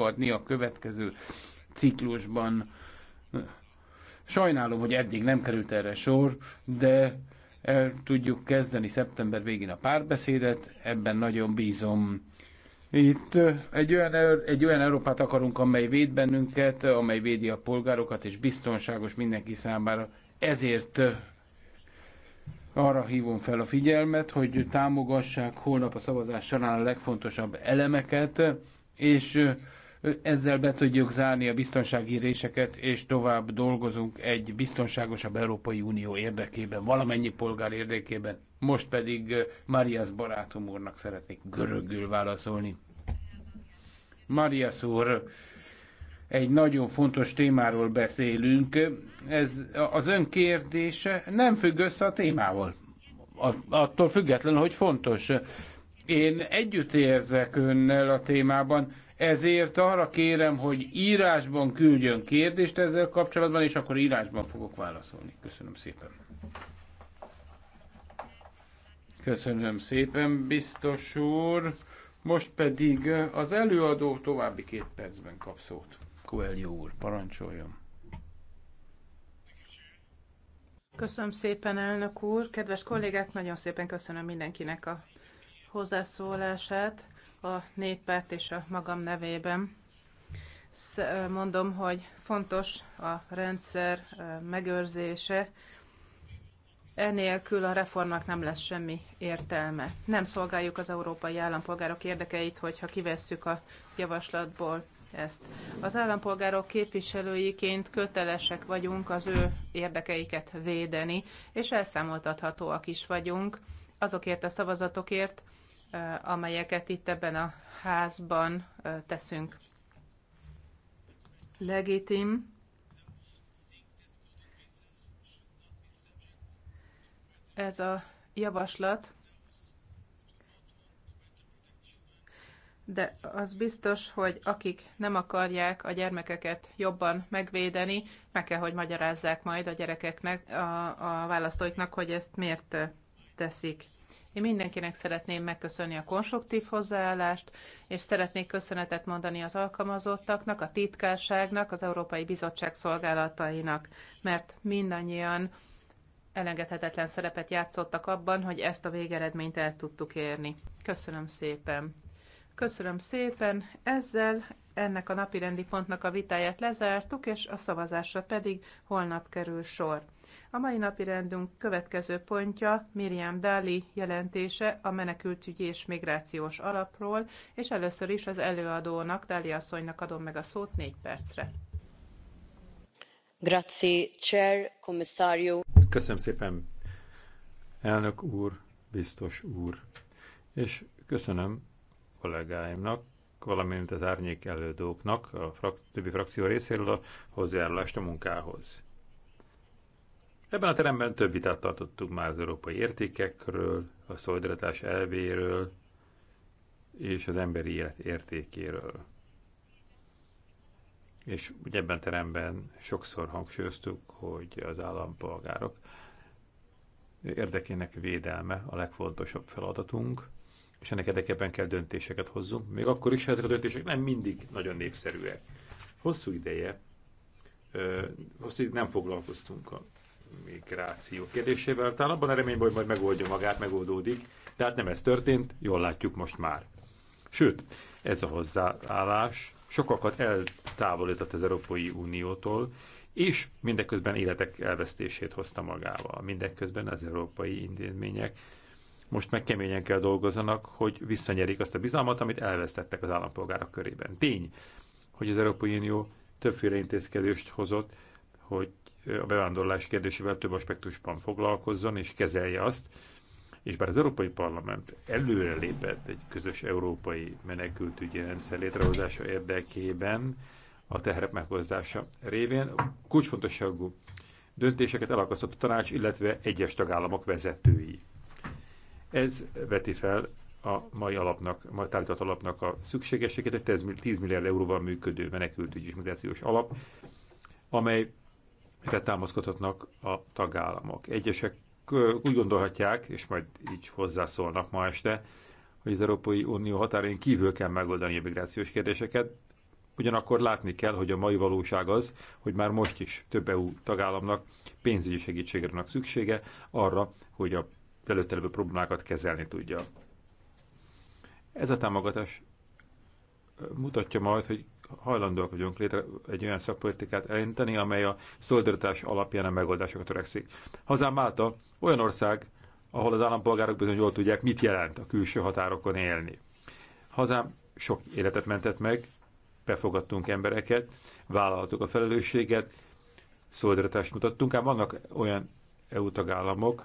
adni a következő ciklusban. Sajnálom, hogy eddig nem került erre sor, de el tudjuk kezdeni szeptember végén a párbeszédet, ebben nagyon bízom. Itt egy olyan, egy olyan Európát akarunk, amely véd bennünket, amely védi a polgárokat, és biztonságos mindenki számára. Ezért arra hívom fel a figyelmet, hogy támogassák holnap a szavazás során a legfontosabb elemeket, és ezzel be tudjuk zárni a biztonsági réseket, és tovább dolgozunk egy biztonságosabb Európai Unió érdekében, valamennyi polgár érdekében. Most pedig eh, Marias barátom úrnak szeretnék görögül válaszolni. Marias úr, egy nagyon fontos témáról beszélünk. Ez az ön kérdése nem függ össze a témával. Attól függetlenül, hogy fontos. Én együtt érzek önnel a témában. Ezért arra kérem, hogy írásban küldjön kérdést ezzel kapcsolatban, és akkor írásban fogok válaszolni. Köszönöm szépen. Köszönöm szépen, biztos úr. Most pedig az előadó további két percben kap szót. Coelho úr, parancsoljon. Köszönöm szépen, elnök úr. Kedves kollégák, nagyon szépen köszönöm mindenkinek a hozzászólását a néppárt és a magam nevében mondom, hogy fontos a rendszer megőrzése, enélkül a reformnak nem lesz semmi értelme. Nem szolgáljuk az európai állampolgárok érdekeit, hogyha kivesszük a javaslatból ezt. Az állampolgárok képviselőiként kötelesek vagyunk az ő érdekeiket védeni, és elszámoltathatóak is vagyunk azokért a szavazatokért, amelyeket itt ebben a házban teszünk. Legitim. Ez a javaslat, de az biztos, hogy akik nem akarják a gyermekeket jobban megvédeni, meg kell, hogy magyarázzák majd a gyerekeknek, a, a választóiknak, hogy ezt miért teszik. Én mindenkinek szeretném megköszönni a konstruktív hozzáállást, és szeretnék köszönetet mondani az alkalmazottaknak, a titkárságnak, az Európai Bizottság szolgálatainak, mert mindannyian elengedhetetlen szerepet játszottak abban, hogy ezt a végeredményt el tudtuk érni. Köszönöm szépen! Köszönöm szépen! Ezzel ennek a rendi pontnak a vitáját lezártuk, és a szavazásra pedig holnap kerül sor. A mai napi rendünk következő pontja Miriam Dali jelentése a menekültügyi és migrációs alapról, és először is az előadónak, Dali asszonynak adom meg a szót négy percre. Grazie, Chair, Commissario. Köszönöm szépen, elnök úr, biztos úr, és köszönöm kollégáimnak, valamint az árnyék elődóknak, a frak- többi frakció részéről a hozzájárulást a munkához Ebben a teremben több vitát tartottunk már az európai értékekről, a szolidaritás elvéről és az emberi élet értékéről. És ugye ebben a teremben sokszor hangsúlyoztuk, hogy az állampolgárok érdekének védelme a legfontosabb feladatunk, és ennek érdekében kell döntéseket hozzunk, még akkor is, ha ezek a döntések nem mindig nagyon népszerűek. Hosszú ideje, hosszú ideje nem foglalkoztunk a migráció kérdésével. Talán abban a reményben, hogy majd megoldja magát, megoldódik, de hát nem ez történt, jól látjuk most már. Sőt, ez a hozzáállás sokakat eltávolított az Európai Uniótól, és mindeközben életek elvesztését hozta magával. Mindeközben az európai intézmények most meg keményen kell dolgozzanak, hogy visszanyerik azt a bizalmat, amit elvesztettek az állampolgárok körében. Tény, hogy az Európai Unió többféle intézkedést hozott, hogy a bevándorlás kérdésével több aspektusban foglalkozzon és kezelje azt, és bár az Európai Parlament előre lépett egy közös európai menekültügyi rendszer létrehozása érdekében, a teherek meghozdása révén kulcsfontosságú döntéseket elakasztott a tanács, illetve egyes tagállamok vezetői. Ez veti fel a mai alapnak, mai tárgyalat alapnak a szükségességet, egy 10 milliárd euróval működő menekültügyi és migrációs alap, amely mire támaszkodhatnak a tagállamok. Egyesek úgy gondolhatják, és majd így hozzászólnak ma este, hogy az Európai Unió határain kívül kell megoldani a migrációs kérdéseket, ugyanakkor látni kell, hogy a mai valóság az, hogy már most is több EU tagállamnak pénzügyi segítségre van szüksége arra, hogy a előtte levő problémákat kezelni tudja. Ez a támogatás mutatja majd, hogy hajlandóak vagyunk létre egy olyan szakpolitikát elinteni, amely a szolidaritás alapján a megoldásokat törekszik. Hazám Málta olyan ország, ahol az állampolgárok bizony jól tudják, mit jelent a külső határokon élni. Hazám sok életet mentett meg, befogadtunk embereket, vállaltuk a felelősséget, szolidaritást mutattunk, ám vannak olyan EU tagállamok,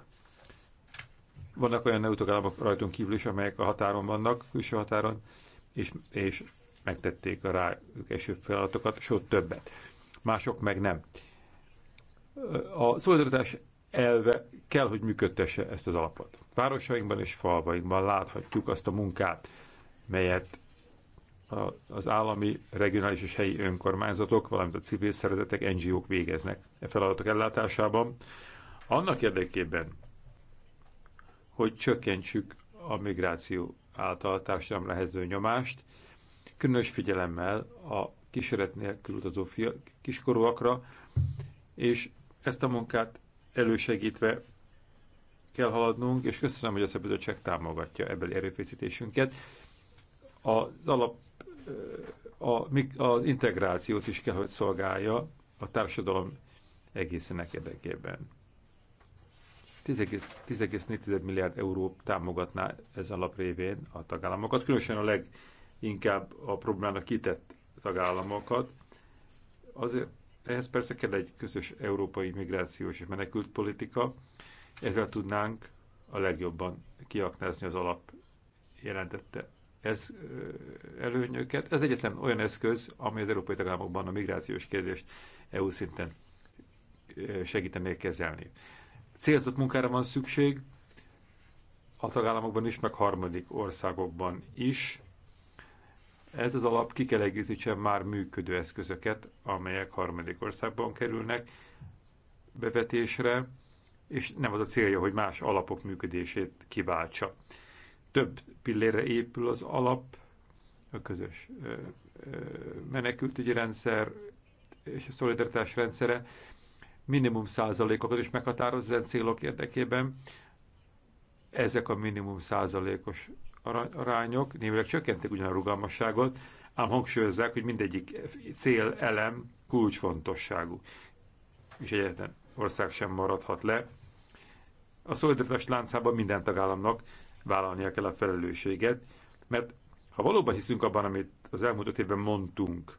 vannak olyan EU tagállamok rajtunk kívül is, amelyek a határon vannak, külső határon, és, és megtették a rájuk eső feladatokat, sőt többet. Mások meg nem. A szolidaritás elve kell, hogy működtesse ezt az alapot. Városainkban és falvainkban láthatjuk azt a munkát, melyet az állami, regionális és helyi önkormányzatok, valamint a civil szervezetek, NGO-k végeznek e feladatok ellátásában. Annak érdekében, hogy csökkentsük a migráció által a társadalom lehező nyomást, különös figyelemmel a kísérlet nélkül utazó kiskorúakra, és ezt a munkát elősegítve kell haladnunk, és köszönöm, hogy a Szabadság támogatja ebből erőfeszítésünket. Az alap a, az integrációt is kell, hogy szolgálja a társadalom egészének érdekében. 10,4 milliárd euró támogatná ez alaprévén a tagállamokat, különösen a leg inkább a problémára kitett tagállamokat. Azért ehhez persze kell egy közös európai migrációs és menekültpolitika, ezzel tudnánk a legjobban kiaknázni az alap jelentette ez előnyöket. Ez egyetlen olyan eszköz, ami az európai tagállamokban a migrációs kérdést EU szinten segítené kezelni. Célzott munkára van szükség a tagállamokban is, meg harmadik országokban is, ez az alap ki kell egészítsen már működő eszközöket, amelyek harmadik országban kerülnek bevetésre, és nem az a célja, hogy más alapok működését kiváltsa. Több pillére épül az alap, a közös menekültügyi rendszer és a szolidaritás rendszere minimum százalékokat is meghatároz célok érdekében. Ezek a minimum százalékos arányok némileg csökkentik ugyan a rugalmasságot, ám hangsúlyozzák, hogy mindegyik cél elem kulcsfontosságú. És egyetlen ország sem maradhat le. A szolidaritás láncában minden tagállamnak vállalnia kell a felelősséget, mert ha valóban hiszünk abban, amit az elmúlt öt évben mondtunk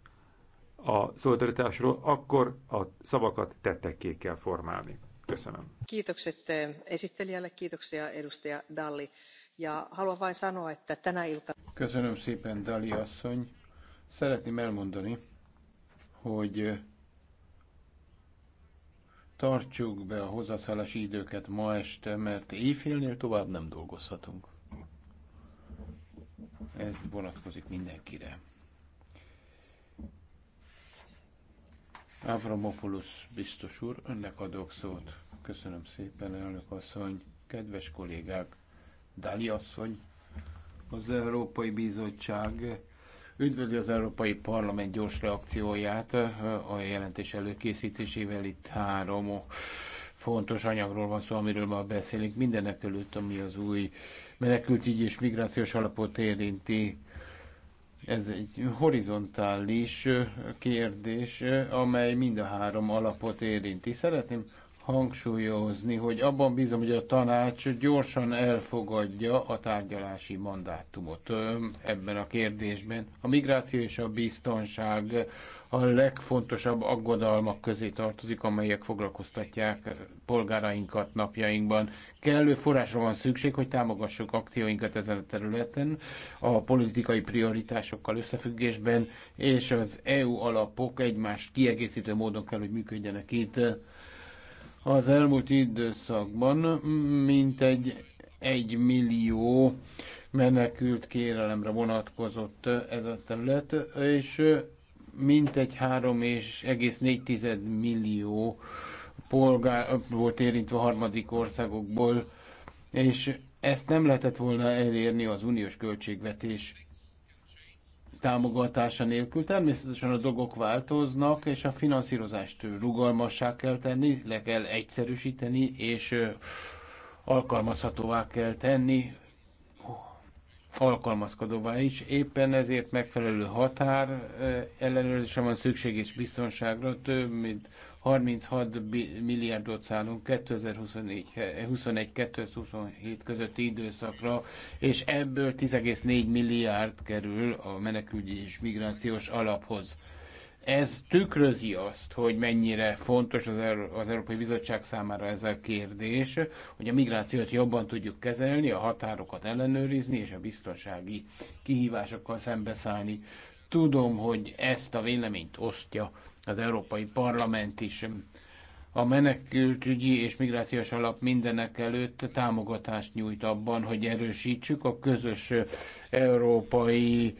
a szolidaritásról, akkor a szavakat tettekké kell formálni. Köszönöm. Kiitokset eh, esittelijälle, kiitoksia edustaja Dalli. Ja haluan vain sanoa, että tänä Köszönöm szépen, Dali asszony. Szeretném elmondani, hogy tartsuk be a hozzászállási időket ma este, mert éjfélnél tovább nem dolgozhatunk. Ez vonatkozik mindenkire. Avramopoulos biztos úr, önnek adok szót. Köszönöm szépen, elnök asszony, kedves kollégák! Dali asszony, az Európai Bizottság üdvözli az Európai Parlament gyors reakcióját eh, a jelentés előkészítésével. Itt három fontos anyagról van szó, amiről ma beszélünk. Mindenek előtt, ami az új menekültügyi és migrációs alapot érinti, ez egy horizontális eh, kérdés, eh, amely mind a három alapot érinti. Szeretném hangsúlyozni, hogy abban bízom, hogy a tanács gyorsan elfogadja a tárgyalási mandátumot ebben a kérdésben. A migráció és a biztonság a legfontosabb aggodalmak közé tartozik, amelyek foglalkoztatják polgárainkat napjainkban. Kellő forrásra van szükség, hogy támogassuk akcióinkat ezen a területen, a politikai prioritásokkal összefüggésben, és az EU alapok egymást kiegészítő módon kell, hogy működjenek itt az elmúlt időszakban mintegy egy millió menekült kérelemre vonatkozott ez a terület, és mintegy 3,4 millió polgár volt érintve harmadik országokból, és ezt nem lehetett volna elérni az uniós költségvetés támogatása nélkül. Természetesen a dolgok változnak, és a finanszírozást rugalmassá kell tenni, le kell egyszerűsíteni, és alkalmazhatóvá kell tenni, alkalmazkodóvá is. Éppen ezért megfelelő határ ellenőrzésre van szükség és biztonságra több, mint 36 milliárdot szállunk 2021-2027 közötti időszakra, és ebből 10,4 milliárd kerül a menekülgyi és migrációs alaphoz. Ez tükrözi azt, hogy mennyire fontos az, Euró- az Európai Bizottság számára ez a kérdés, hogy a migrációt jobban tudjuk kezelni, a határokat ellenőrizni és a biztonsági kihívásokkal szembeszállni. Tudom, hogy ezt a véleményt osztja az Európai Parlament is. A menekültügyi és migrációs alap mindenek előtt támogatást nyújt abban, hogy erősítsük a közös európai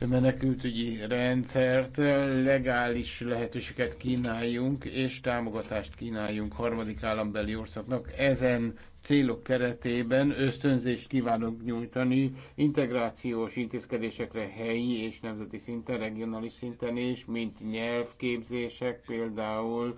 menekültügyi rendszert, legális lehetőséget kínáljunk, és támogatást kínáljunk harmadik állambeli országnak. Ezen célok keretében ösztönzést kívánok nyújtani integrációs intézkedésekre helyi és nemzeti szinten, regionális szinten is, mint nyelvképzések például,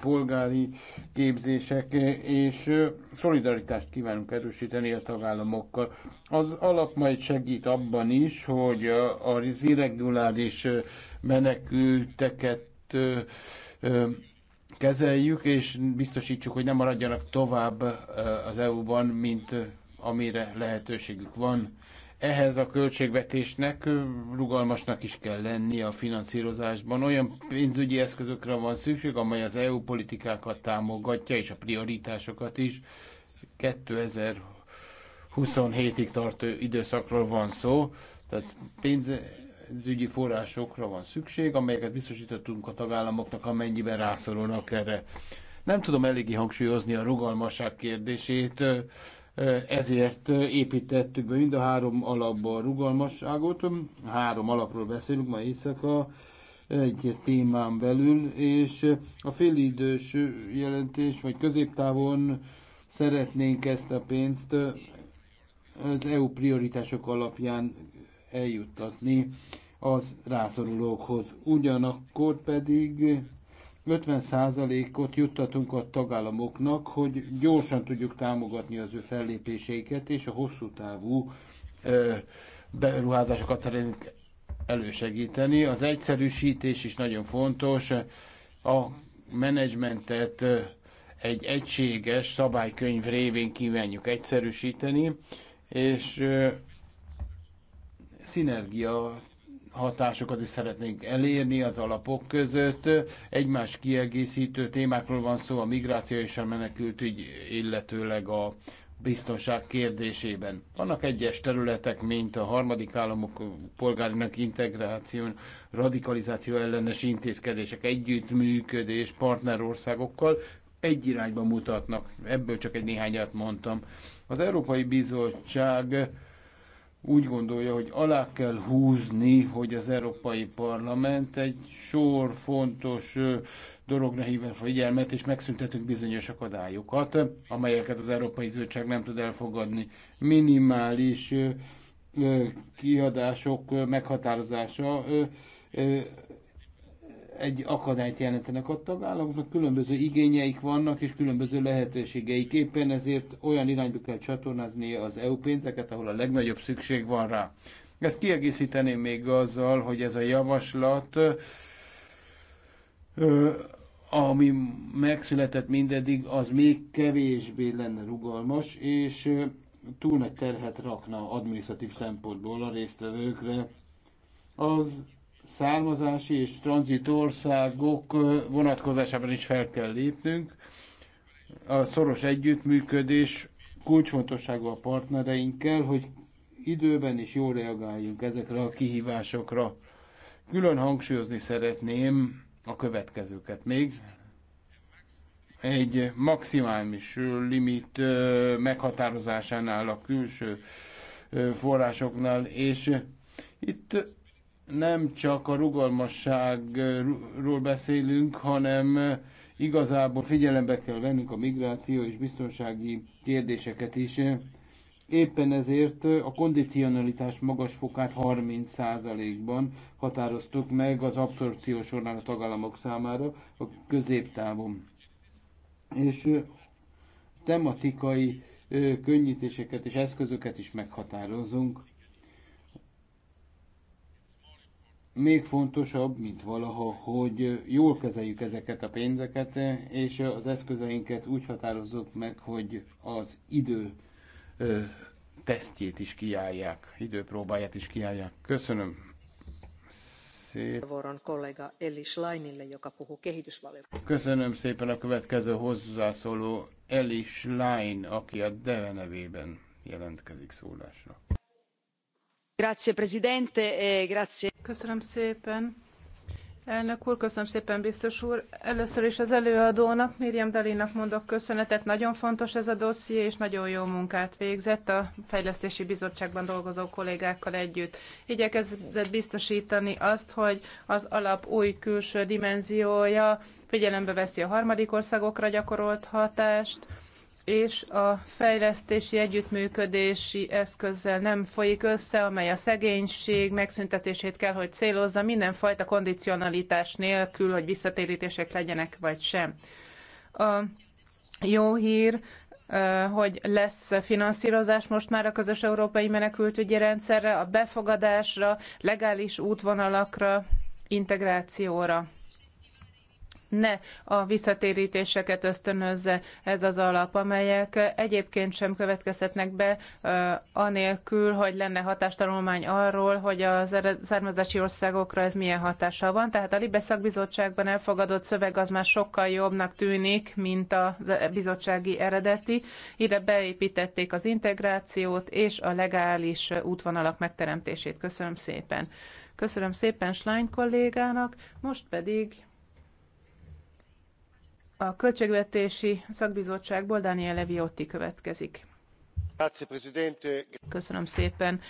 polgári képzések, és szolidaritást kívánunk erősíteni a tagállamokkal. Az alap majd segít abban is, hogy az irreguláris menekülteket kezeljük, és biztosítsuk, hogy nem maradjanak tovább az EU-ban, mint amire lehetőségük van ehhez a költségvetésnek rugalmasnak is kell lenni a finanszírozásban. Olyan pénzügyi eszközökre van szükség, amely az EU politikákat támogatja, és a prioritásokat is. 2027-ig tartó időszakról van szó, tehát pénzügyi forrásokra van szükség, amelyeket biztosítottunk a tagállamoknak, amennyiben rászorulnak erre. Nem tudom eléggé hangsúlyozni a rugalmasság kérdését ezért építettük be mind a három alapban a rugalmasságot. Három alapról beszélünk ma éjszaka egy témán belül, és a félidős jelentés, vagy középtávon szeretnénk ezt a pénzt az EU prioritások alapján eljuttatni az rászorulókhoz. Ugyanakkor pedig 50%-ot juttatunk a tagállamoknak, hogy gyorsan tudjuk támogatni az ő fellépéseiket, és a hosszú távú ö, beruházásokat szeretnénk elősegíteni. Az egyszerűsítés is nagyon fontos. A menedzsmentet egy egységes szabálykönyv révén kívánjuk egyszerűsíteni, és szinergia hatásokat is szeretnénk elérni az alapok között. Egymás kiegészítő témákról van szó a migráció és a menekültügy, illetőleg a biztonság kérdésében. Vannak egyes területek, mint a harmadik államok polgárinak integráció, radikalizáció ellenes intézkedések, együttműködés partnerországokkal, egy irányba mutatnak. Ebből csak egy néhányat mondtam. Az Európai Bizottság úgy gondolja, hogy alá kell húzni, hogy az Európai Parlament egy sor fontos dologra hívja figyelmet, és megszüntetünk bizonyos akadályokat, amelyeket az Európai Zöldség nem tud elfogadni. Minimális kiadások meghatározása egy akadályt jelentenek a tagállamoknak, különböző igényeik vannak, és különböző lehetőségeik. Éppen ezért olyan irányba kell csatornázni az EU pénzeket, ahol a legnagyobb szükség van rá. Ezt kiegészíteném még azzal, hogy ez a javaslat, ami megszületett mindeddig, az még kevésbé lenne rugalmas, és túl nagy terhet rakna administratív szempontból a résztvevőkre. Az származási és tranzit országok vonatkozásában is fel kell lépnünk. A szoros együttműködés kulcsfontosságú a partnereinkkel, hogy időben is jól reagáljunk ezekre a kihívásokra. Külön hangsúlyozni szeretném a következőket még. Egy maximális limit meghatározásánál a külső forrásoknál, és itt nem csak a rugalmasságról beszélünk, hanem igazából figyelembe kell vennünk a migráció és biztonsági kérdéseket is. Éppen ezért a kondicionalitás magas fokát 30%-ban határoztuk meg az abszorpció során a tagállamok számára a középtávon. És tematikai könnyítéseket és eszközöket is meghatározunk. még fontosabb, mint valaha, hogy jól kezeljük ezeket a pénzeket, és az eszközeinket úgy határozzuk meg, hogy az idő tesztjét is kiállják, időpróbáját is kiállják. Köszönöm. Szép. kollega Ellis Lainille, joka puhuu Köszönöm szépen a következő hozzászóló Elis Lain, aki a Deve nevében jelentkezik szólásra. E Elnök úr, biztos úr. Először is az előadónak, Miriam Dalinak mondok köszönetet. Nagyon fontos ez a dosszié, és nagyon jó munkát végzett a Fejlesztési Bizottságban dolgozó kollégákkal együtt. Igyekezett biztosítani azt, hogy az alap új külső dimenziója figyelembe veszi a harmadik országokra gyakorolt hatást, és a fejlesztési együttműködési eszközzel nem folyik össze, amely a szegénység megszüntetését kell, hogy célozza mindenfajta kondicionalitás nélkül, hogy visszatérítések legyenek vagy sem. A jó hír, hogy lesz finanszírozás most már a közös európai menekültügyi rendszerre, a befogadásra, legális útvonalakra, integrációra ne a visszatérítéseket ösztönözze ez az alap, amelyek egyébként sem következhetnek be anélkül, hogy lenne hatástanulmány arról, hogy a származási országokra ez milyen hatással van. Tehát a Libe szakbizottságban elfogadott szöveg az már sokkal jobbnak tűnik, mint a bizottsági eredeti. Ide beépítették az integrációt és a legális útvonalak megteremtését. Köszönöm szépen. Köszönöm szépen Slány kollégának, most pedig a Költségvetési Szakbizottságból Daniele Viotti következik. Köszönöm szépen.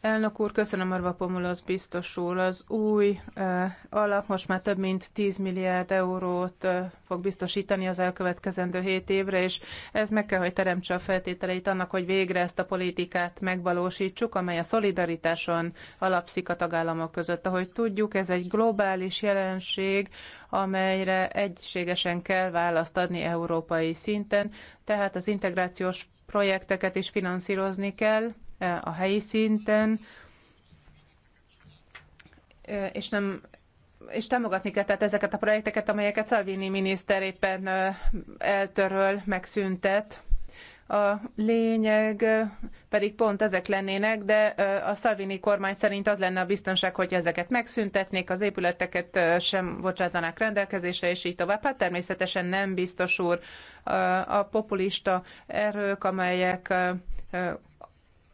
Elnök úr, köszönöm Arva Pomulasz biztos úr. Az új uh, alap most már több mint 10 milliárd eurót uh, fog biztosítani az elkövetkezendő 7 évre, és ez meg kell, hogy teremtse a feltételeit annak, hogy végre ezt a politikát megvalósítsuk, amely a szolidaritáson alapszik a tagállamok között. Ahogy tudjuk, ez egy globális jelenség, amelyre egységesen kell választ adni európai szinten, tehát az integrációs projekteket is finanszírozni kell, a helyi szinten, és nem és támogatni kell tehát ezeket a projekteket, amelyeket Salvini miniszter éppen eltöröl, megszüntet. A lényeg pedig pont ezek lennének, de a Salvini kormány szerint az lenne a biztonság, hogy ezeket megszüntetnék, az épületeket sem bocsátanák rendelkezésre, és így tovább. Hát természetesen nem biztos úr a populista erők, amelyek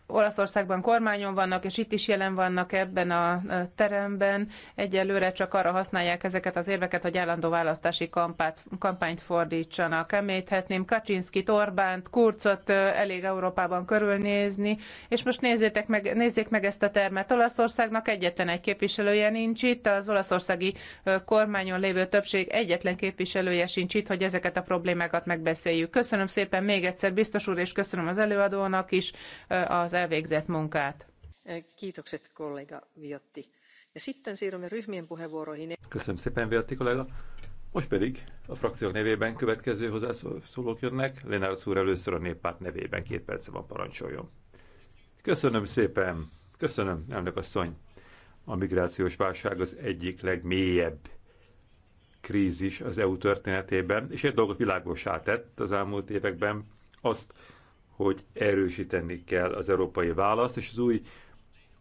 Olaszországban kormányon vannak, és itt is jelen vannak ebben a teremben. Egyelőre csak arra használják ezeket az érveket, hogy állandó választási kampát, kampányt fordítsanak. Említhetném Kaczynszkit, Orbánt, Kurcot elég Európában körülnézni, és most nézzétek meg, nézzék meg ezt a termet. Olaszországnak egyetlen egy képviselője nincs itt, az olaszországi kormányon lévő többség egyetlen képviselője sincs itt, hogy ezeket a problémákat megbeszéljük. Köszönöm szépen még egyszer, biztos úr, és köszönöm az előadónak is az elvégzett munkát. Kiitokset kollega Viotti. Ja sitten siirrymme ryhmien puheenvuoroihin. Köszönöm szépen, Viotti kollega. Most pedig a frakciók nevében következő hozzászólók jönnek. Lénárd úr először a néppárt nevében két perce van parancsoljon. Köszönöm szépen, köszönöm, elnök asszony. A migrációs válság az egyik legmélyebb krízis az EU történetében, és egy dolgot világosá tett az elmúlt években, azt, hogy erősíteni kell az európai választ, és az új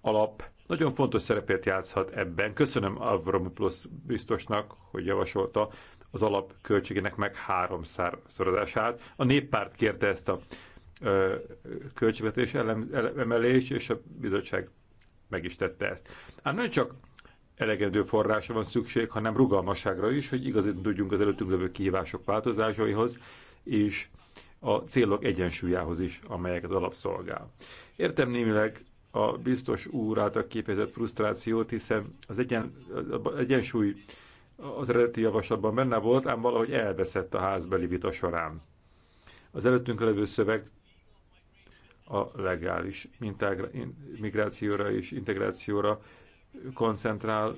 alap nagyon fontos szerepet játszhat ebben. Köszönöm Avramopoulos biztosnak, hogy javasolta az alap költségének meg háromszorozását. A néppárt kérte ezt a költségvetés emelést, és a bizottság meg is tette ezt. Ám hát nem csak elegendő forrása van szükség, hanem rugalmasságra is, hogy igazit tudjunk az előttünk lévő kihívások változásaihoz, és a célok egyensúlyához is, amelyek az alapszolgál. Értem némileg a biztos úr által képezett frusztrációt, hiszen az egyen, az egyensúly az eredeti javaslatban benne volt, ám valahogy elveszett a házbeli vita során. Az előttünk levő szöveg a legális migrációra és integrációra koncentrál,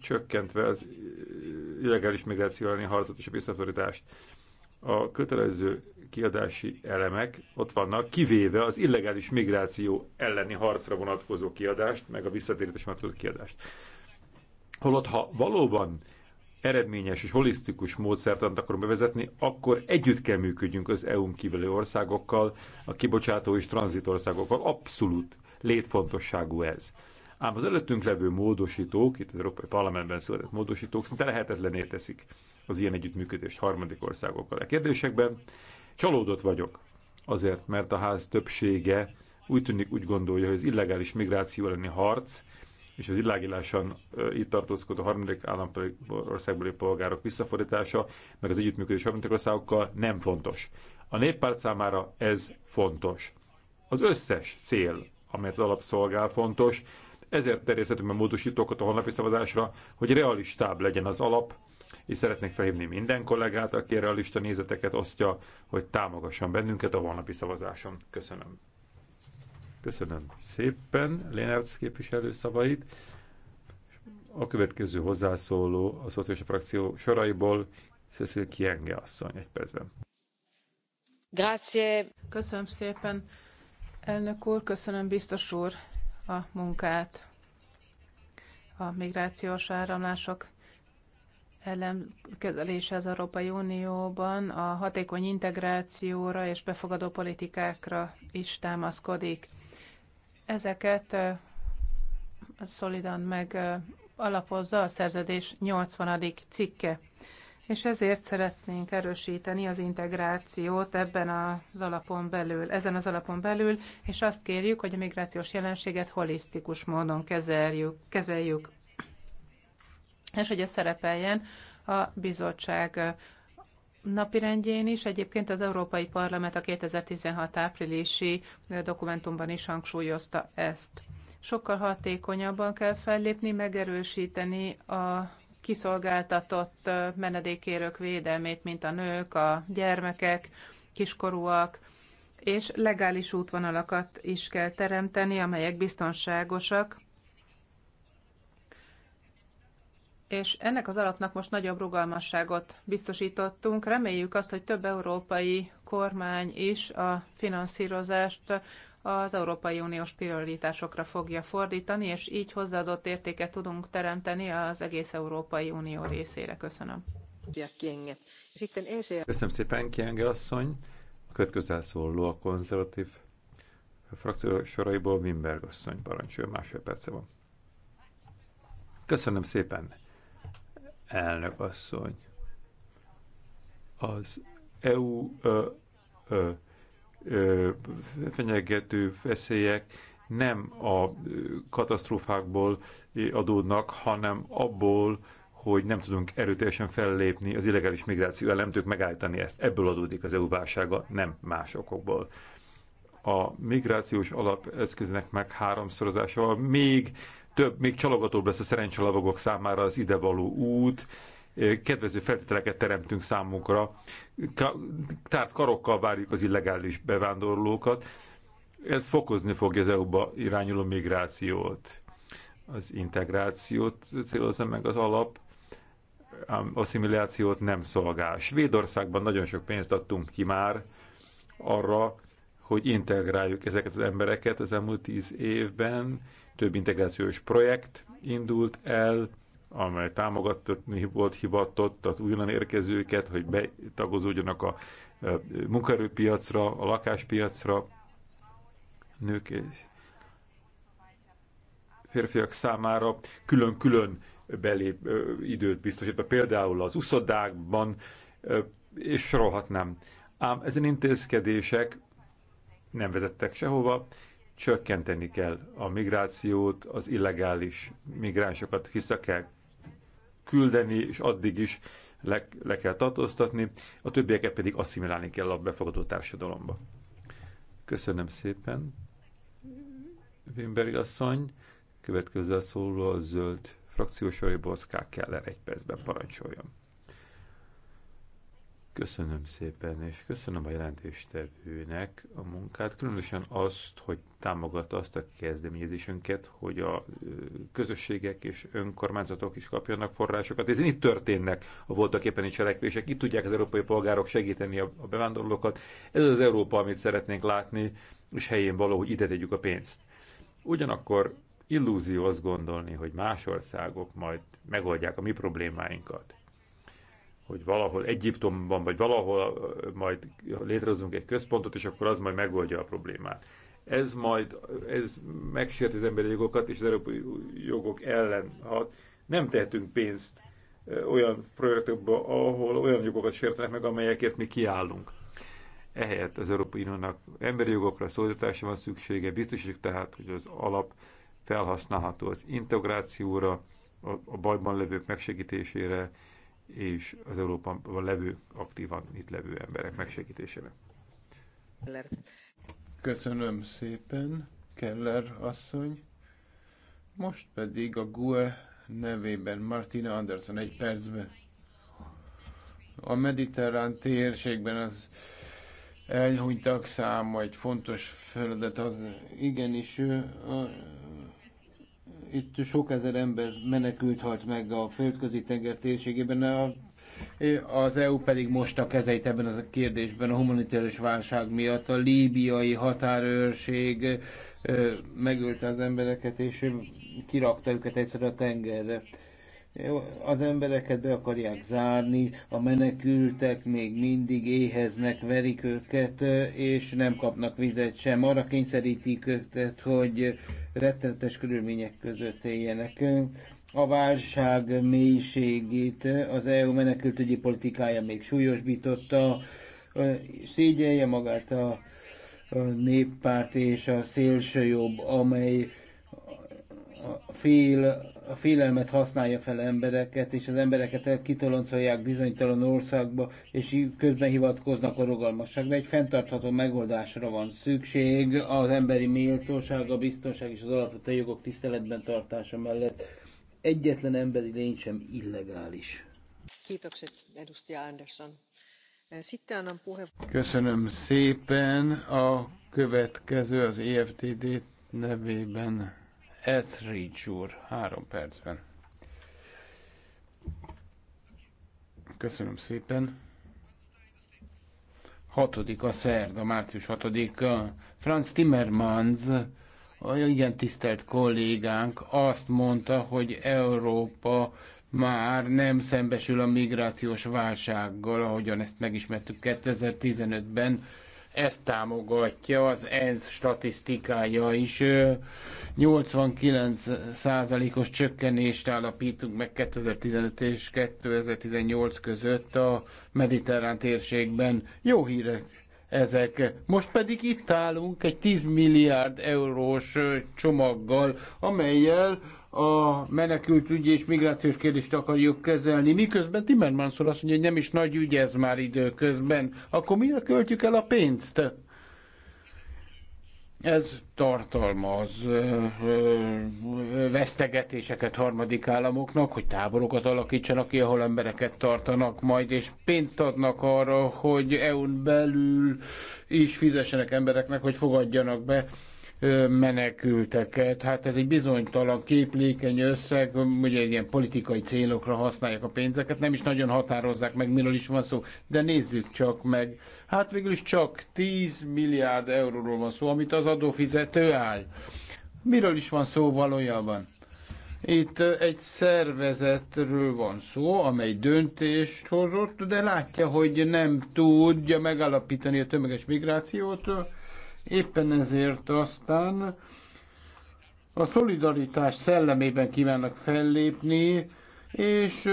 csökkentve az illegális migráció elleni harcot és a visszaforítást a kötelező kiadási elemek ott vannak, kivéve az illegális migráció elleni harcra vonatkozó kiadást, meg a visszatérítés vonatkozó kiadást. Holott, ha valóban eredményes és holisztikus módszertant akarunk bevezetni, akkor együtt kell működjünk az EU-n kívüli országokkal, a kibocsátó és országokkal. Abszolút létfontosságú ez. Ám az előttünk levő módosítók, itt az Európai Parlamentben született módosítók, szinte lehetetlené teszik az ilyen együttműködést harmadik országokkal. A kérdésekben csalódott vagyok, azért, mert a ház többsége úgy tűnik, úgy gondolja, hogy az illegális migráció elleni harc és az illágilásan itt tartózkodó harmadik országbeli polgárok visszafordítása, meg az együttműködés harmadik országokkal nem fontos. A néppárt számára ez fontos. Az összes cél, amelyet az alapszolgál fontos, ezért terjesztettünk a módosítókat a honlapi szavazásra, hogy realistább legyen az alap, és szeretnék felhívni minden kollégát, aki erre a lista nézeteket osztja, hogy támogasson bennünket a holnapi szavazáson. Köszönöm. Köszönöm szépen Lénárc képviselő szavait. A következő hozzászóló a szociális frakció soraiból Cecil Kienge asszony egy percben. Grazie. Köszönöm szépen, elnök úr, köszönöm biztos úr a munkát. A migrációs áramlások ellenkezelése az Európai Unióban a hatékony integrációra és befogadó politikákra is támaszkodik. Ezeket szolidan meg alapozza a szerződés 80. cikke, és ezért szeretnénk erősíteni az integrációt ebben az alapon belül, ezen az alapon belül, és azt kérjük, hogy a migrációs jelenséget holisztikus módon kezeljük. kezeljük és hogy ez szerepeljen a bizottság napirendjén is. Egyébként az Európai Parlament a 2016 áprilisi dokumentumban is hangsúlyozta ezt. Sokkal hatékonyabban kell fellépni, megerősíteni a kiszolgáltatott menedékérők védelmét, mint a nők, a gyermekek, kiskorúak, és legális útvonalakat is kell teremteni, amelyek biztonságosak, és ennek az alapnak most nagyobb rugalmasságot biztosítottunk. Reméljük azt, hogy több európai kormány is a finanszírozást az Európai Uniós prioritásokra fogja fordítani, és így hozzáadott értéket tudunk teremteni az egész Európai Unió részére. Köszönöm. Köszönöm szépen, Kienge asszony. A következő szóló a konzervatív a frakció soraiból Wimberg asszony parancsol, másfél perce van. Köszönöm szépen, elnök asszony. Az EU ö, ö, ö, fenyegető veszélyek nem a katasztrófákból adódnak, hanem abból, hogy nem tudunk erőteljesen fellépni az illegális migráció ellen, nem tudjuk megállítani ezt. Ebből adódik az EU válsága, nem más okokból. A migrációs alapeszköznek meg háromszorozása még több, még csalogatóbb lesz a szerencsalavagok számára az idevaló út, kedvező feltételeket teremtünk számunkra, tehát karokkal várjuk az illegális bevándorlókat, ez fokozni fogja az EU-ba irányuló migrációt. Az integrációt célozza meg az alap, asszimilációt nem szolgál. Svédországban nagyon sok pénzt adtunk ki már arra, hogy integráljuk ezeket az embereket az elmúlt tíz évben, több integrációs projekt indult el, amely támogatni volt hivatott az újonnan érkezőket, hogy betagozódjanak a e, munkaerőpiacra, a lakáspiacra, nők és férfiak számára külön-külön belép e, időt biztosítva, például az uszodákban, e, és sorolhatnám. Ám ezen intézkedések nem vezettek sehova, csökkenteni kell a migrációt, az illegális migránsokat vissza kell küldeni, és addig is le, le kell tartóztatni, a többieket pedig asszimilálni kell a befogadó társadalomba. Köszönöm szépen, Wimberi asszony. Következő a szóló a zöld frakciósoré Borszkák Keller egy percben parancsoljon. Köszönöm szépen, és köszönöm a jelentéstevőnek a munkát, különösen azt, hogy támogatta azt a kezdeményezésünket, hogy a közösségek és önkormányzatok is kapjanak forrásokat. Ez itt történnek a voltak éppen cselekvések, itt tudják az európai polgárok segíteni a bevándorlókat. Ez az Európa, amit szeretnénk látni, és helyén való, hogy ide tegyük a pénzt. Ugyanakkor illúzió azt gondolni, hogy más országok majd megoldják a mi problémáinkat hogy valahol Egyiptomban, vagy valahol majd létrehozunk egy központot, és akkor az majd megoldja a problémát. Ez majd, ez megsérti az emberi jogokat, és az európai jogok ellen hat. Nem tehetünk pénzt olyan projektokba, ahol olyan jogokat sértenek meg, amelyekért mi kiállunk. Ehelyett az Európai Uniónak emberi jogokra szolgáltatása van szüksége, biztosítjuk tehát, hogy az alap felhasználható az integrációra, a bajban levők megsegítésére, és az Európában levő, aktívan itt levő emberek megsegítésére. Köszönöm szépen, Keller asszony. Most pedig a GUE nevében Martina Anderson egy percben. A mediterrán térségben az elhunytak száma egy fontos feladat, az igenis a itt sok ezer ember menekült halt meg a földközi tenger térségében, a, az EU pedig most a kezeit ebben az a kérdésben a humanitárius válság miatt. A líbiai határőrség megölte az embereket, és kirakta őket egyszerűen a tengerre az embereket be akarják zárni, a menekültek még mindig éheznek, verik őket, és nem kapnak vizet sem. Arra kényszerítik őket, hogy rettenetes körülmények között éljenek. A válság mélységét az EU menekültügyi politikája még súlyosbította, szégyelje magát a néppárt és a szélsőjobb, amely fél a félelmet használja fel embereket, és az embereket kitoloncolják bizonytalan országba, és közben hivatkoznak a rugalmasságra. Egy fenntartható megoldásra van szükség az emberi méltóság, a biztonság és az alapvető jogok tiszteletben tartása mellett. Egyetlen emberi lény sem illegális. Köszönöm szépen. A következő az EFTD nevében ez úr, három percben. Köszönöm szépen. Hatodik a szerda, március hatodik. Franz Timmermans, igen tisztelt kollégánk, azt mondta, hogy Európa már nem szembesül a migrációs válsággal, ahogyan ezt megismertük 2015-ben ezt támogatja az ENSZ statisztikája is. 89%-os csökkenést állapítunk meg 2015 és 2018 között a mediterrán térségben. Jó hírek ezek. Most pedig itt állunk egy 10 milliárd eurós csomaggal, amelyel a menekült ügy és migrációs kérdést akarjuk kezelni, miközben Timmermans úr azt mondja, hogy nem is nagy ügy ez már időközben, akkor mire költjük el a pénzt? Ez tartalmaz ö, ö, vesztegetéseket harmadik államoknak, hogy táborokat alakítsanak ki, ahol embereket tartanak majd, és pénzt adnak arra, hogy EU-n belül is fizessenek embereknek, hogy fogadjanak be menekülteket. Hát ez egy bizonytalan, képlékeny összeg, ugye ilyen politikai célokra használják a pénzeket, nem is nagyon határozzák meg, miről is van szó, de nézzük csak meg. Hát végül is csak 10 milliárd euróról van szó, amit az adófizető áll. Miről is van szó valójában? Itt egy szervezetről van szó, amely döntést hozott, de látja, hogy nem tudja megállapítani a tömeges migrációt, Éppen ezért aztán a szolidaritás szellemében kívánnak fellépni, és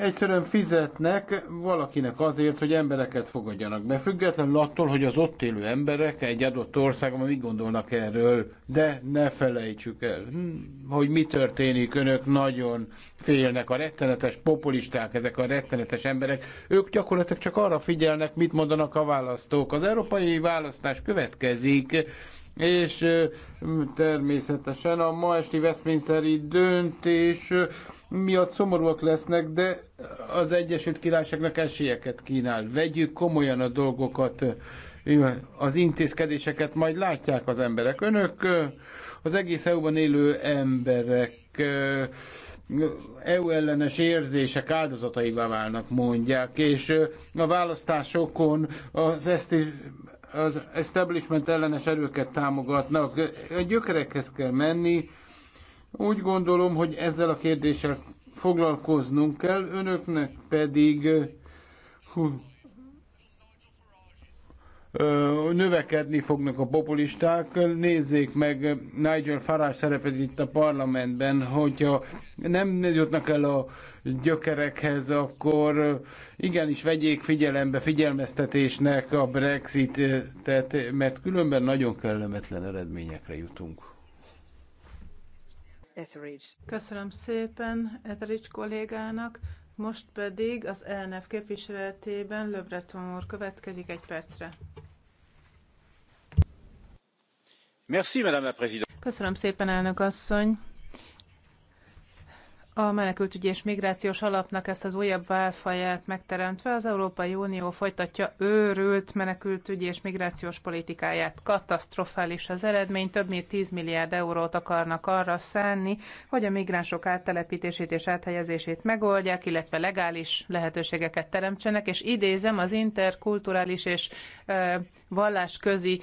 egyszerűen fizetnek valakinek azért, hogy embereket fogadjanak be, függetlenül attól, hogy az ott élő emberek egy adott országban mit gondolnak erről, de ne felejtsük el, hm, hogy mi történik, önök nagyon félnek, a rettenetes populisták, ezek a rettenetes emberek, ők gyakorlatilag csak arra figyelnek, mit mondanak a választók. Az európai választás következik, és hm, természetesen a ma esti Westminsteri döntés miatt szomorúak lesznek, de az Egyesült Királyságnak esélyeket kínál. Vegyük komolyan a dolgokat, az intézkedéseket majd látják az emberek. Önök az egész EU-ban élő emberek EU ellenes érzések áldozataivá válnak, mondják, és a választásokon az ezt is az establishment ellenes erőket támogatnak. A gyökerekhez kell menni, úgy gondolom, hogy ezzel a kérdéssel foglalkoznunk kell, önöknek pedig hú, növekedni fognak a populisták. Nézzék meg Nigel Farage szerepet itt a parlamentben, hogyha nem jutnak el a gyökerekhez, akkor igenis vegyék figyelembe figyelmeztetésnek a Brexit-et, mert különben nagyon kellemetlen eredményekre jutunk. Etheridge. Köszönöm szépen Etheridge kollégának. Most pedig az ELNF képviseletében Löbreton úr következik egy percre. Merci, Madame la Présidente. Köszönöm szépen, elnök asszony. A menekültügyi és migrációs alapnak ezt az újabb válfaját megteremtve az Európai Unió folytatja őrült menekültügyi és migrációs politikáját. Katasztrofális az eredmény, több mint 10 milliárd eurót akarnak arra szánni, hogy a migránsok áttelepítését és áthelyezését megoldják, illetve legális lehetőségeket teremtsenek, és idézem az interkulturális és vallásközi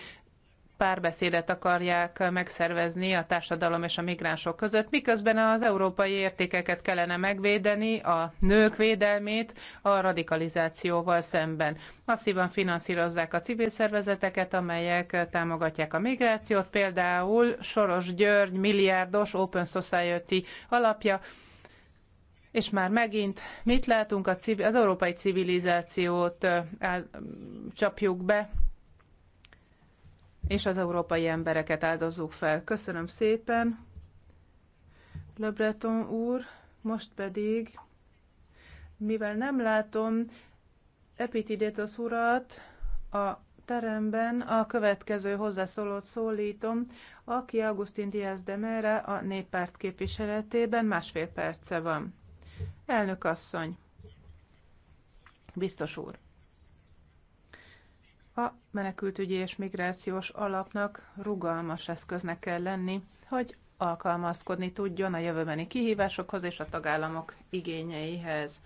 párbeszédet akarják megszervezni a társadalom és a migránsok között, miközben az európai értékeket kellene megvédeni, a nők védelmét a radikalizációval szemben. Masszívan finanszírozzák a civil szervezeteket, amelyek támogatják a migrációt, például Soros György milliárdos Open Society alapja, és már megint mit látunk, a civil, az európai civilizációt csapjuk be, és az európai embereket áldozzuk fel. Köszönöm szépen, Le Breton úr, most pedig, mivel nem látom Epitidétos urat a teremben, a következő hozzászólót szólítom, aki Augustin Diaz de Mera a néppárt képviseletében másfél perce van. Elnök asszony, biztos úr, a menekültügyi és migrációs alapnak rugalmas eszköznek kell lenni, hogy alkalmazkodni tudjon a jövőbeni kihívásokhoz és a tagállamok igényeihez.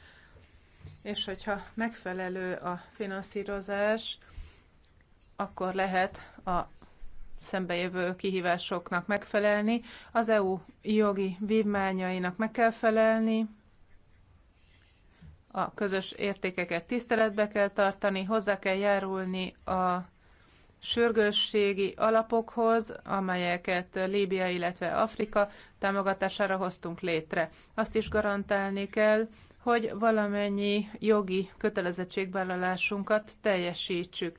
És hogyha megfelelő a finanszírozás, akkor lehet a szembejövő kihívásoknak megfelelni. Az EU jogi vívmányainak meg kell felelni, a közös értékeket tiszteletbe kell tartani, hozzá kell járulni a sürgősségi alapokhoz, amelyeket Líbia, illetve Afrika támogatására hoztunk létre. Azt is garantálni kell, hogy valamennyi jogi kötelezettségvállalásunkat teljesítsük.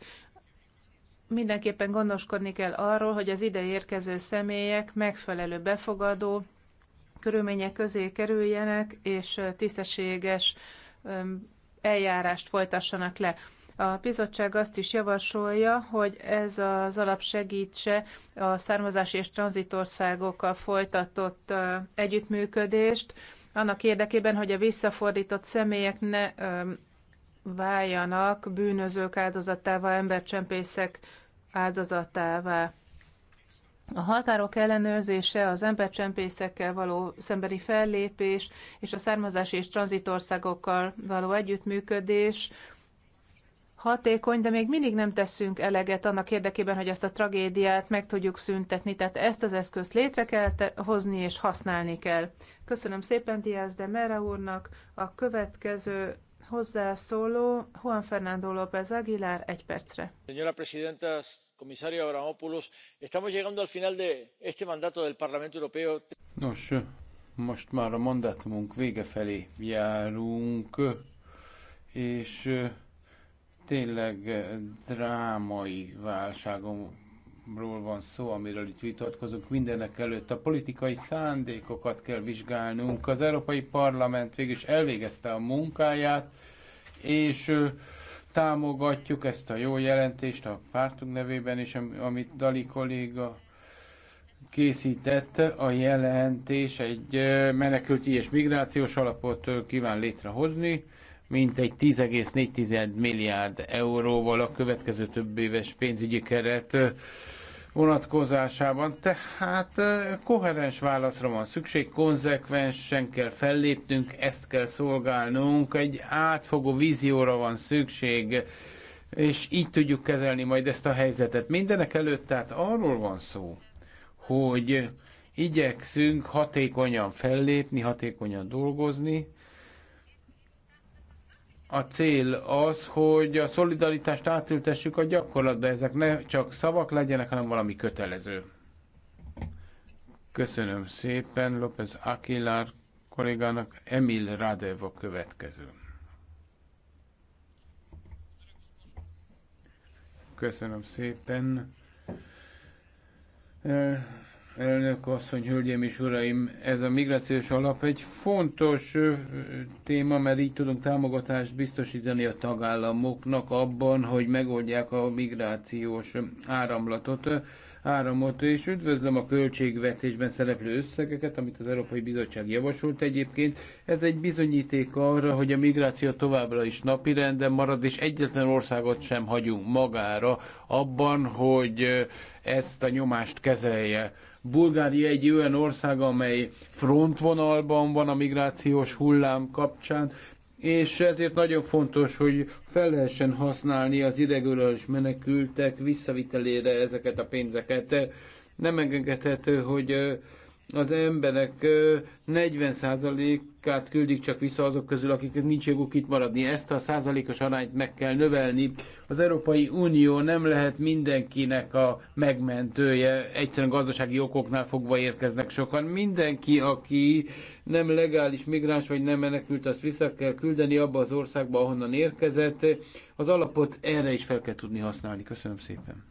Mindenképpen gondoskodni kell arról, hogy az ide érkező személyek megfelelő befogadó körülmények közé kerüljenek, és tisztességes eljárást folytassanak le. A bizottság azt is javasolja, hogy ez az alap segítse a származási és tranzitországokkal folytatott együttműködést, annak érdekében, hogy a visszafordított személyek ne váljanak bűnözők áldozatává, embercsempészek áldozatává. A határok ellenőrzése, az embercsempészekkel való szembeni fellépés és a származási és tranzitországokkal való együttműködés hatékony, de még mindig nem teszünk eleget annak érdekében, hogy ezt a tragédiát meg tudjuk szüntetni. Tehát ezt az eszközt létre kell hozni és használni kell. Köszönöm szépen Diaz de Mera úrnak. A következő hozzászóló Juan Fernando López Aguilar egy percre. Señora Presidenta, comisario avramopoulos estamos llegando al final de este mandato del Parlamento Europeo. Nos, most már a mandátumunk vége felé járunk, és tényleg drámai válságomról van szó, amiről itt vitatkozunk. Mindenek előtt a politikai szándékokat kell vizsgálnunk. Az Európai Parlament végül is elvégezte a munkáját, és uh, Támogatjuk ezt a jó jelentést a pártunk nevében, is, amit Dali kolléga készített, a jelentés egy menekülti és migrációs alapot kíván létrehozni, mint egy 10,4 milliárd euróval a következő több éves pénzügyi keret vonatkozásában. Tehát koherens válaszra van szükség, konzekvensen kell fellépnünk, ezt kell szolgálnunk, egy átfogó vízióra van szükség, és így tudjuk kezelni majd ezt a helyzetet. Mindenek előtt tehát arról van szó, hogy igyekszünk hatékonyan fellépni, hatékonyan dolgozni, a cél az, hogy a szolidaritást átültessük a gyakorlatba, ezek ne csak szavak legyenek, hanem valami kötelező. Köszönöm szépen López Aquilar kollégának, Emil Radev a következő. Köszönöm szépen. Elnök asszony, hölgyeim és uraim, ez a migrációs alap egy fontos téma, mert így tudunk támogatást biztosítani a tagállamoknak abban, hogy megoldják a migrációs áramlatot áramot, és üdvözlöm a költségvetésben szereplő összegeket, amit az Európai Bizottság javasolt egyébként. Ez egy bizonyíték arra, hogy a migráció továbbra is napi renden marad, és egyetlen országot sem hagyunk magára abban, hogy ezt a nyomást kezelje. Bulgária egy olyan ország, amely frontvonalban van a migrációs hullám kapcsán, és ezért nagyon fontos, hogy fel lehessen használni az ideiglenes menekültek visszavitelére ezeket a pénzeket. Nem engedhető, hogy az emberek 40%-át küldik csak vissza azok közül, akiknek nincs joguk itt maradni. Ezt a százalékos arányt meg kell növelni. Az Európai Unió nem lehet mindenkinek a megmentője. Egyszerűen gazdasági okoknál fogva érkeznek sokan. Mindenki, aki nem legális migráns vagy nem menekült, azt vissza kell küldeni abba az országba, ahonnan érkezett. Az alapot erre is fel kell tudni használni. Köszönöm szépen.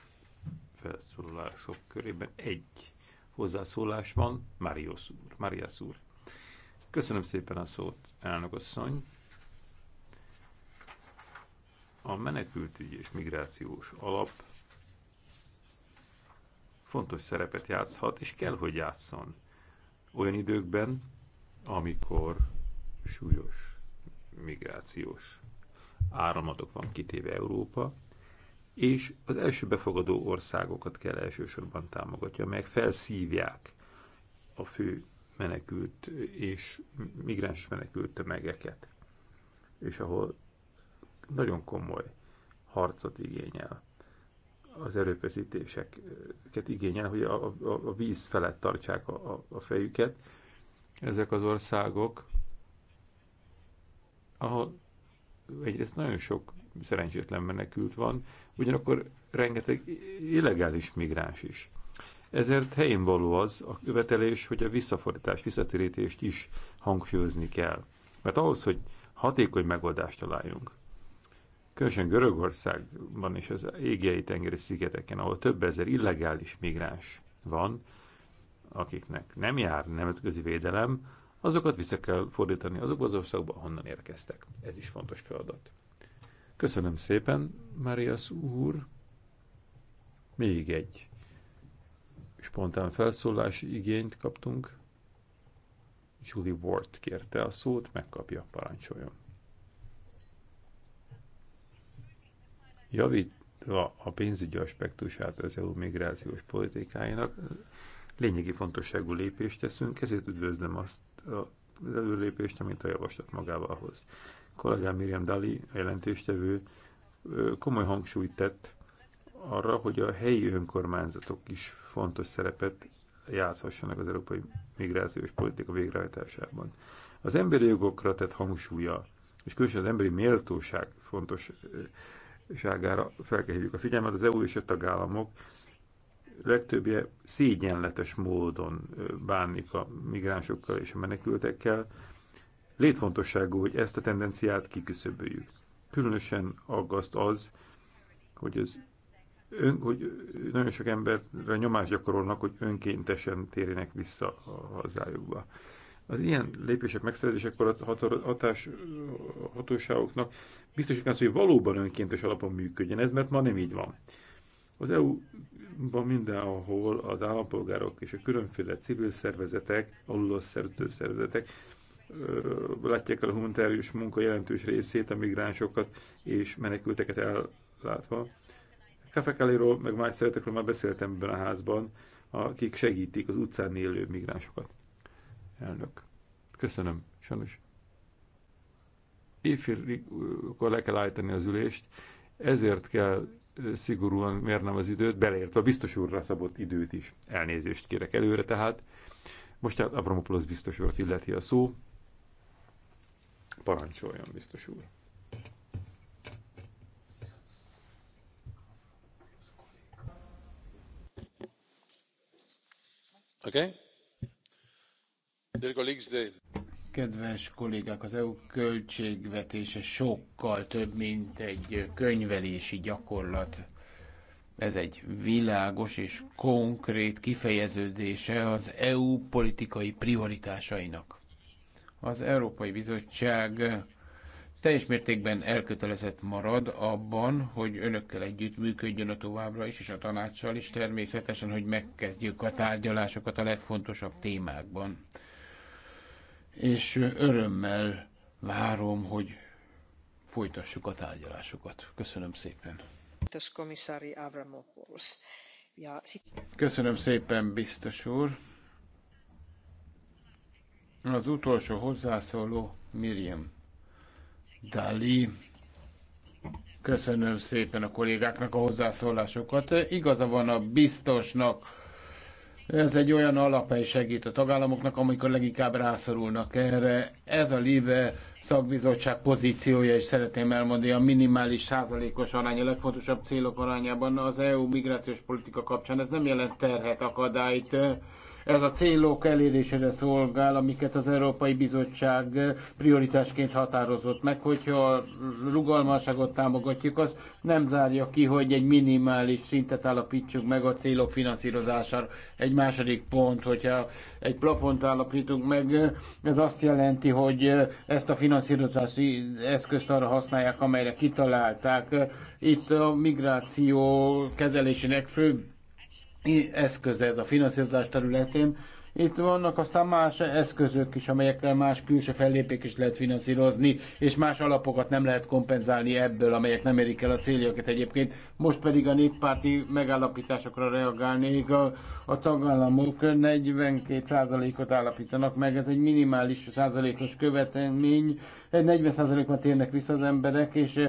felszólalások körében egy hozzászólás van, Marius úr. Marius úr. Köszönöm szépen a szót, elnök asszony. A menekültügy és migrációs alap fontos szerepet játszhat, és kell, hogy játszon. Olyan időkben, amikor súlyos migrációs áramlatok van kitéve Európa, és az első befogadó országokat kell elsősorban támogatja, amelyek felszívják a fő menekült és migráns menekült tömegeket, és ahol nagyon komoly harcot igényel az erőfeszítéseket igényel, hogy a, a, a víz felett tartsák a, a, a fejüket. Ezek az országok, ahol egyrészt nagyon sok szerencsétlen menekült van, ugyanakkor rengeteg illegális migráns is. Ezért helyén való az a követelés, hogy a visszafordítás, visszatérítést is hangsúlyozni kell. Mert ahhoz, hogy hatékony megoldást találjunk, különösen Görögországban és az égiai tengeri szigeteken, ahol több ezer illegális migráns van, akiknek nem jár nemzetközi védelem, azokat vissza kell fordítani azokba az országba, ahonnan érkeztek. Ez is fontos feladat. Köszönöm szépen, Marias úr. Még egy spontán felszólási igényt kaptunk. Julie Ward kérte a szót, megkapja, parancsoljon. Javítva a pénzügyi aspektusát az EU migrációs politikájának, lényegi fontosságú lépést teszünk, ezért üdvözlöm azt a előlépést, amit a javaslat magával hoz kollégám Miriam Dali, a jelentéstevő, komoly hangsúlyt tett arra, hogy a helyi önkormányzatok is fontos szerepet játszhassanak az európai migrációs politika végrehajtásában. Az emberi jogokra tett hangsúlya, és különösen az emberi méltóság fontosságára felkehívjuk a figyelmet, az EU és a tagállamok legtöbbje szégyenletes módon bánik a migránsokkal és a menekültekkel, Létfontosságú, hogy ezt a tendenciát kiküszöböljük. Különösen aggaszt az, hogy az ön, hogy nagyon sok emberre nyomást gyakorolnak, hogy önkéntesen térjenek vissza a hazájukba. Az ilyen lépések megszerzésekor a hatás, hatóságoknak biztosítani, hogy valóban önkéntes alapon működjen Ez mert ma nem így van. Az EU-ban mindenhol az állampolgárok és a különféle civil szervezetek, alulosszerző szervezetek látják el a humanitárius munka jelentős részét, a migránsokat és menekülteket ellátva. Kafekáléról, meg más szeretekről már beszéltem ebben a házban, akik segítik az utcán élő migránsokat. Elnök. Köszönöm, sajnos. Éjfélkor le kell állítani az ülést, ezért kell szigorúan mérnem az időt, beleértve a biztos úrra szabott időt is. Elnézést kérek előre tehát. Most tehát Avramopoulos biztos urat illeti a szó, Parancsoljon, biztos úr. Okay. Kedves kollégák, az EU költségvetése sokkal több, mint egy könyvelési gyakorlat. Ez egy világos és konkrét kifejeződése az EU politikai prioritásainak. Az Európai Bizottság teljes mértékben elkötelezett marad abban, hogy önökkel együtt működjön a továbbra is, és a tanácssal is természetesen, hogy megkezdjük a tárgyalásokat a legfontosabb témákban. És örömmel várom, hogy folytassuk a tárgyalásokat. Köszönöm szépen. Köszönöm szépen, biztos úr. Az utolsó hozzászóló Miriam Dali. Köszönöm szépen a kollégáknak a hozzászólásokat. Igaza van a biztosnak. Ez egy olyan alapely segít a tagállamoknak, amikor leginkább rászorulnak erre. Ez a LIVE szakbizottság pozíciója, és szeretném elmondani, a minimális százalékos arány a legfontosabb célok arányában az EU migrációs politika kapcsán. Ez nem jelent terhet, akadályt ez a célok elérésére szolgál, amiket az Európai Bizottság prioritásként határozott meg, hogyha a rugalmasságot támogatjuk, az nem zárja ki, hogy egy minimális szintet állapítsunk meg a célok finanszírozására. Egy második pont, hogyha egy plafont állapítunk meg, ez azt jelenti, hogy ezt a finanszírozási eszközt arra használják, amelyre kitalálták. Itt a migráció kezelésének fő eszköze ez a finanszírozás területén. Itt vannak aztán más eszközök is, amelyekkel más külső fellépék is lehet finanszírozni, és más alapokat nem lehet kompenzálni ebből, amelyek nem érik el a céljakat egyébként. Most pedig a néppárti megállapításokra reagálnék. A, a tagállamok 42%-ot állapítanak meg, ez egy minimális százalékos követelmény. 40 ot térnek vissza az emberek, és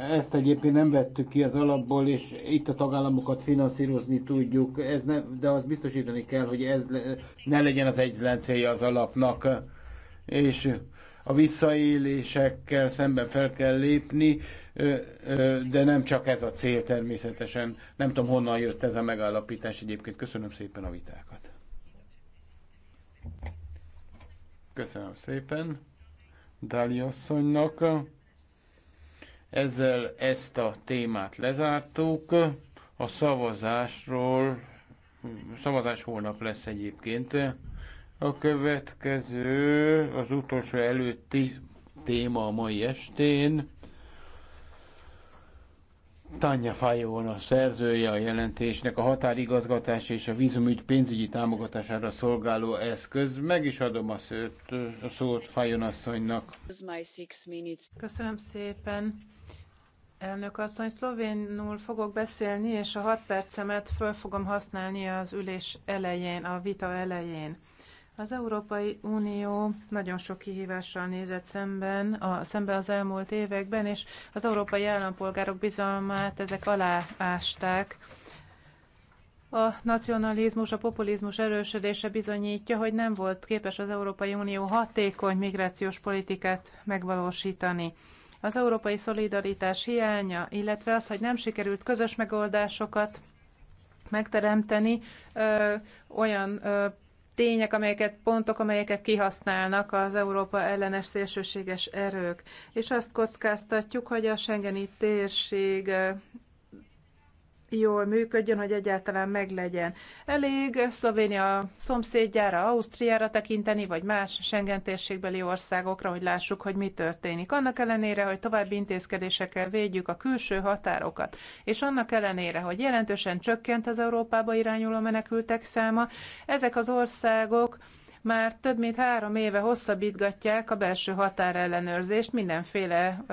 ezt egyébként nem vettük ki az alapból, és itt a tagállamokat finanszírozni tudjuk, ez ne, de azt biztosítani kell, hogy ez ne legyen az egyetlen célja az alapnak. És a visszaélésekkel szemben fel kell lépni, de nem csak ez a cél természetesen. Nem tudom, honnan jött ez a megállapítás egyébként. Köszönöm szépen a vitákat. Köszönöm szépen Dali asszonynak. Ezzel ezt a témát lezártuk. A szavazásról, szavazás holnap lesz egyébként. A következő, az utolsó előtti téma a mai estén. Tanya Fajon a szerzője a jelentésnek a határigazgatás és a vízumügy pénzügyi támogatására szolgáló eszköz. Meg is adom a, szőt, a szót Fajon asszonynak. Köszönöm szépen. Elnök asszony, szlovénul fogok beszélni, és a hat percemet föl fogom használni az ülés elején, a vita elején. Az Európai Unió nagyon sok kihívással nézett szemben, a, szembe az elmúlt években, és az európai állampolgárok bizalmát ezek aláásták. A nacionalizmus, a populizmus erősödése bizonyítja, hogy nem volt képes az Európai Unió hatékony migrációs politikát megvalósítani. Az európai szolidaritás hiánya, illetve az, hogy nem sikerült közös megoldásokat megteremteni, ö, olyan ö, tények, amelyeket, pontok, amelyeket kihasználnak az Európa ellenes szélsőséges erők. És azt kockáztatjuk, hogy a Schengeni térség jól működjön, hogy egyáltalán meglegyen. Elég Szlovénia szomszédjára, Ausztriára tekinteni, vagy más Schengen térségbeli országokra, hogy lássuk, hogy mi történik. Annak ellenére, hogy további intézkedésekkel védjük a külső határokat, és annak ellenére, hogy jelentősen csökkent az Európába irányuló menekültek száma, ezek az országok már több mint három éve hosszabbítgatják a belső határellenőrzést mindenféle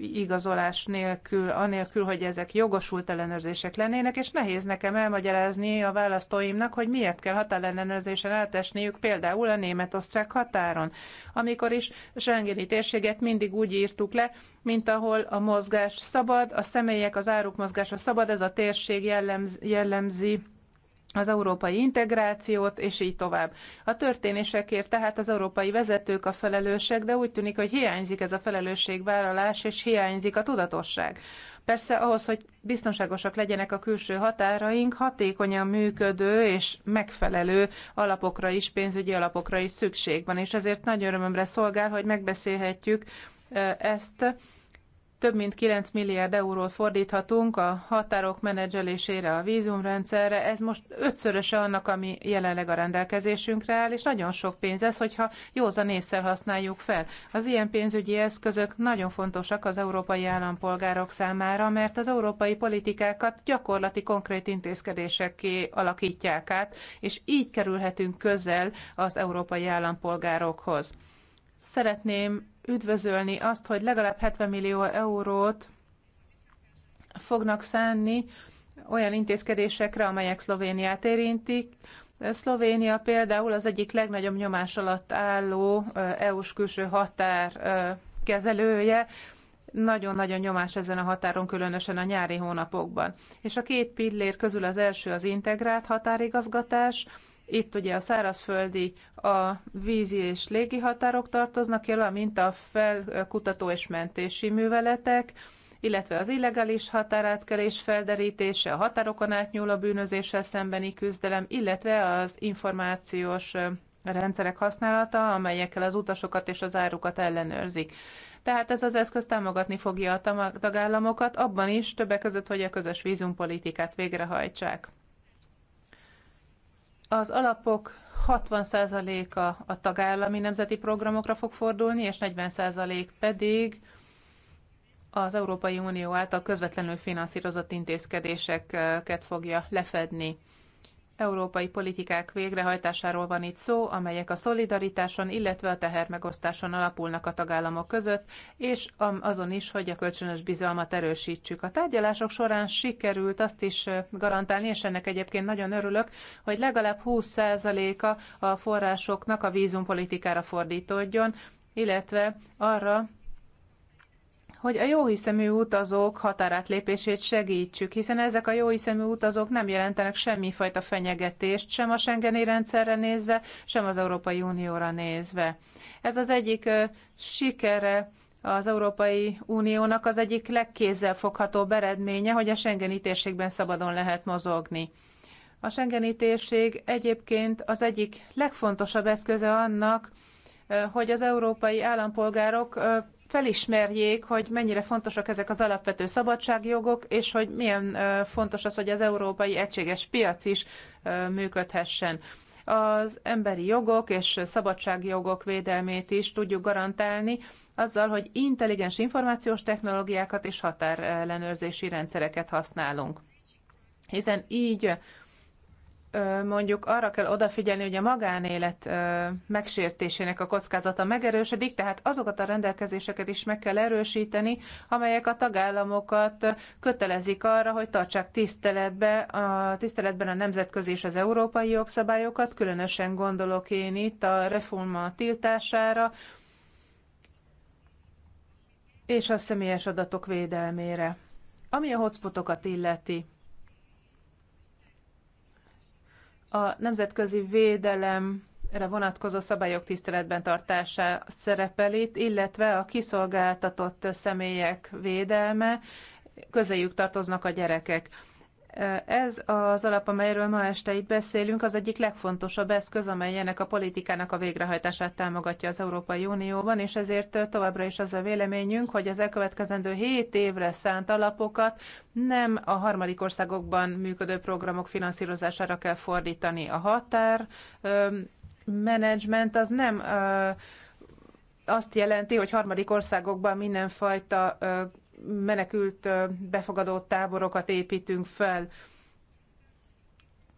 igazolás nélkül, anélkül, hogy ezek jogosult ellenőrzések lennének, és nehéz nekem elmagyarázni a választóimnak, hogy miért kell határellenőrzésen átesniük például a német-osztrák határon, amikor is Schengeni térséget mindig úgy írtuk le, mint ahol a mozgás szabad, a személyek, az áruk mozgása szabad, ez a térség jellemz, jellemzi az európai integrációt, és így tovább. A történésekért tehát az európai vezetők a felelősek, de úgy tűnik, hogy hiányzik ez a felelősségvállalás, és hiányzik a tudatosság. Persze ahhoz, hogy biztonságosak legyenek a külső határaink, hatékonyan működő és megfelelő alapokra is, pénzügyi alapokra is szükség van, és ezért nagy örömömre szolgál, hogy megbeszélhetjük ezt több mint 9 milliárd eurót fordíthatunk a határok menedzselésére, a vízumrendszerre. Ez most ötszöröse annak, ami jelenleg a rendelkezésünkre áll, és nagyon sok pénz ez, hogyha józan észre használjuk fel. Az ilyen pénzügyi eszközök nagyon fontosak az európai állampolgárok számára, mert az európai politikákat gyakorlati konkrét intézkedésekké alakítják át, és így kerülhetünk közel az európai állampolgárokhoz. Szeretném üdvözölni azt, hogy legalább 70 millió eurót fognak szánni olyan intézkedésekre, amelyek Szlovéniát érintik. Szlovénia például az egyik legnagyobb nyomás alatt álló EU-s külső határ kezelője, nagyon-nagyon nyomás ezen a határon, különösen a nyári hónapokban. És a két pillér közül az első az integrált határigazgatás, itt ugye a szárazföldi, a vízi és légi határok tartoznak, mint a felkutató és mentési műveletek, illetve az illegális határátkelés felderítése, a határokon átnyúló bűnözéssel szembeni küzdelem, illetve az információs rendszerek használata, amelyekkel az utasokat és az árukat ellenőrzik. Tehát ez az eszköz támogatni fogja a tagállamokat abban is, többek között, hogy a közös vízumpolitikát végrehajtsák. Az alapok 60%-a a tagállami nemzeti programokra fog fordulni, és 40% pedig az Európai Unió által közvetlenül finanszírozott intézkedéseket fogja lefedni európai politikák végrehajtásáról van itt szó, amelyek a szolidaritáson, illetve a tehermegosztáson alapulnak a tagállamok között, és azon is, hogy a kölcsönös bizalmat erősítsük. A tárgyalások során sikerült azt is garantálni, és ennek egyébként nagyon örülök, hogy legalább 20%-a a forrásoknak a vízumpolitikára fordítódjon, illetve arra, hogy a jóhiszemű utazók határátlépését segítsük, hiszen ezek a jóhiszemű utazók nem jelentenek semmifajta fenyegetést, sem a Schengeni rendszerre nézve, sem az Európai Unióra nézve. Ez az egyik sikere az Európai Uniónak az egyik legkézzelfoghatóbb eredménye, hogy a Schengeni térségben szabadon lehet mozogni. A Schengeni térség egyébként az egyik legfontosabb eszköze annak, hogy az európai állampolgárok felismerjék, hogy mennyire fontosak ezek az alapvető szabadságjogok, és hogy milyen fontos az, hogy az európai egységes piac is működhessen az emberi jogok és szabadságjogok védelmét is tudjuk garantálni, azzal, hogy intelligens információs technológiákat és határellenőrzési rendszereket használunk. Hiszen így mondjuk arra kell odafigyelni, hogy a magánélet megsértésének a kockázata megerősödik, tehát azokat a rendelkezéseket is meg kell erősíteni, amelyek a tagállamokat kötelezik arra, hogy tartsák tiszteletbe, a, tiszteletben a nemzetközi és az európai jogszabályokat, különösen gondolok én itt a reforma tiltására, és a személyes adatok védelmére. Ami a hotspotokat illeti, a nemzetközi védelemre vonatkozó szabályok tiszteletben tartása szerepel itt, illetve a kiszolgáltatott személyek védelme, közéjük tartoznak a gyerekek. Ez az alap, amelyről ma este itt beszélünk, az egyik legfontosabb eszköz, amely ennek a politikának a végrehajtását támogatja az Európai Unióban, és ezért továbbra is az a véleményünk, hogy az elkövetkezendő 7 évre szánt alapokat nem a harmadik országokban működő programok finanszírozására kell fordítani. A határ management az nem azt jelenti, hogy harmadik országokban mindenfajta menekült befogadó táborokat építünk fel.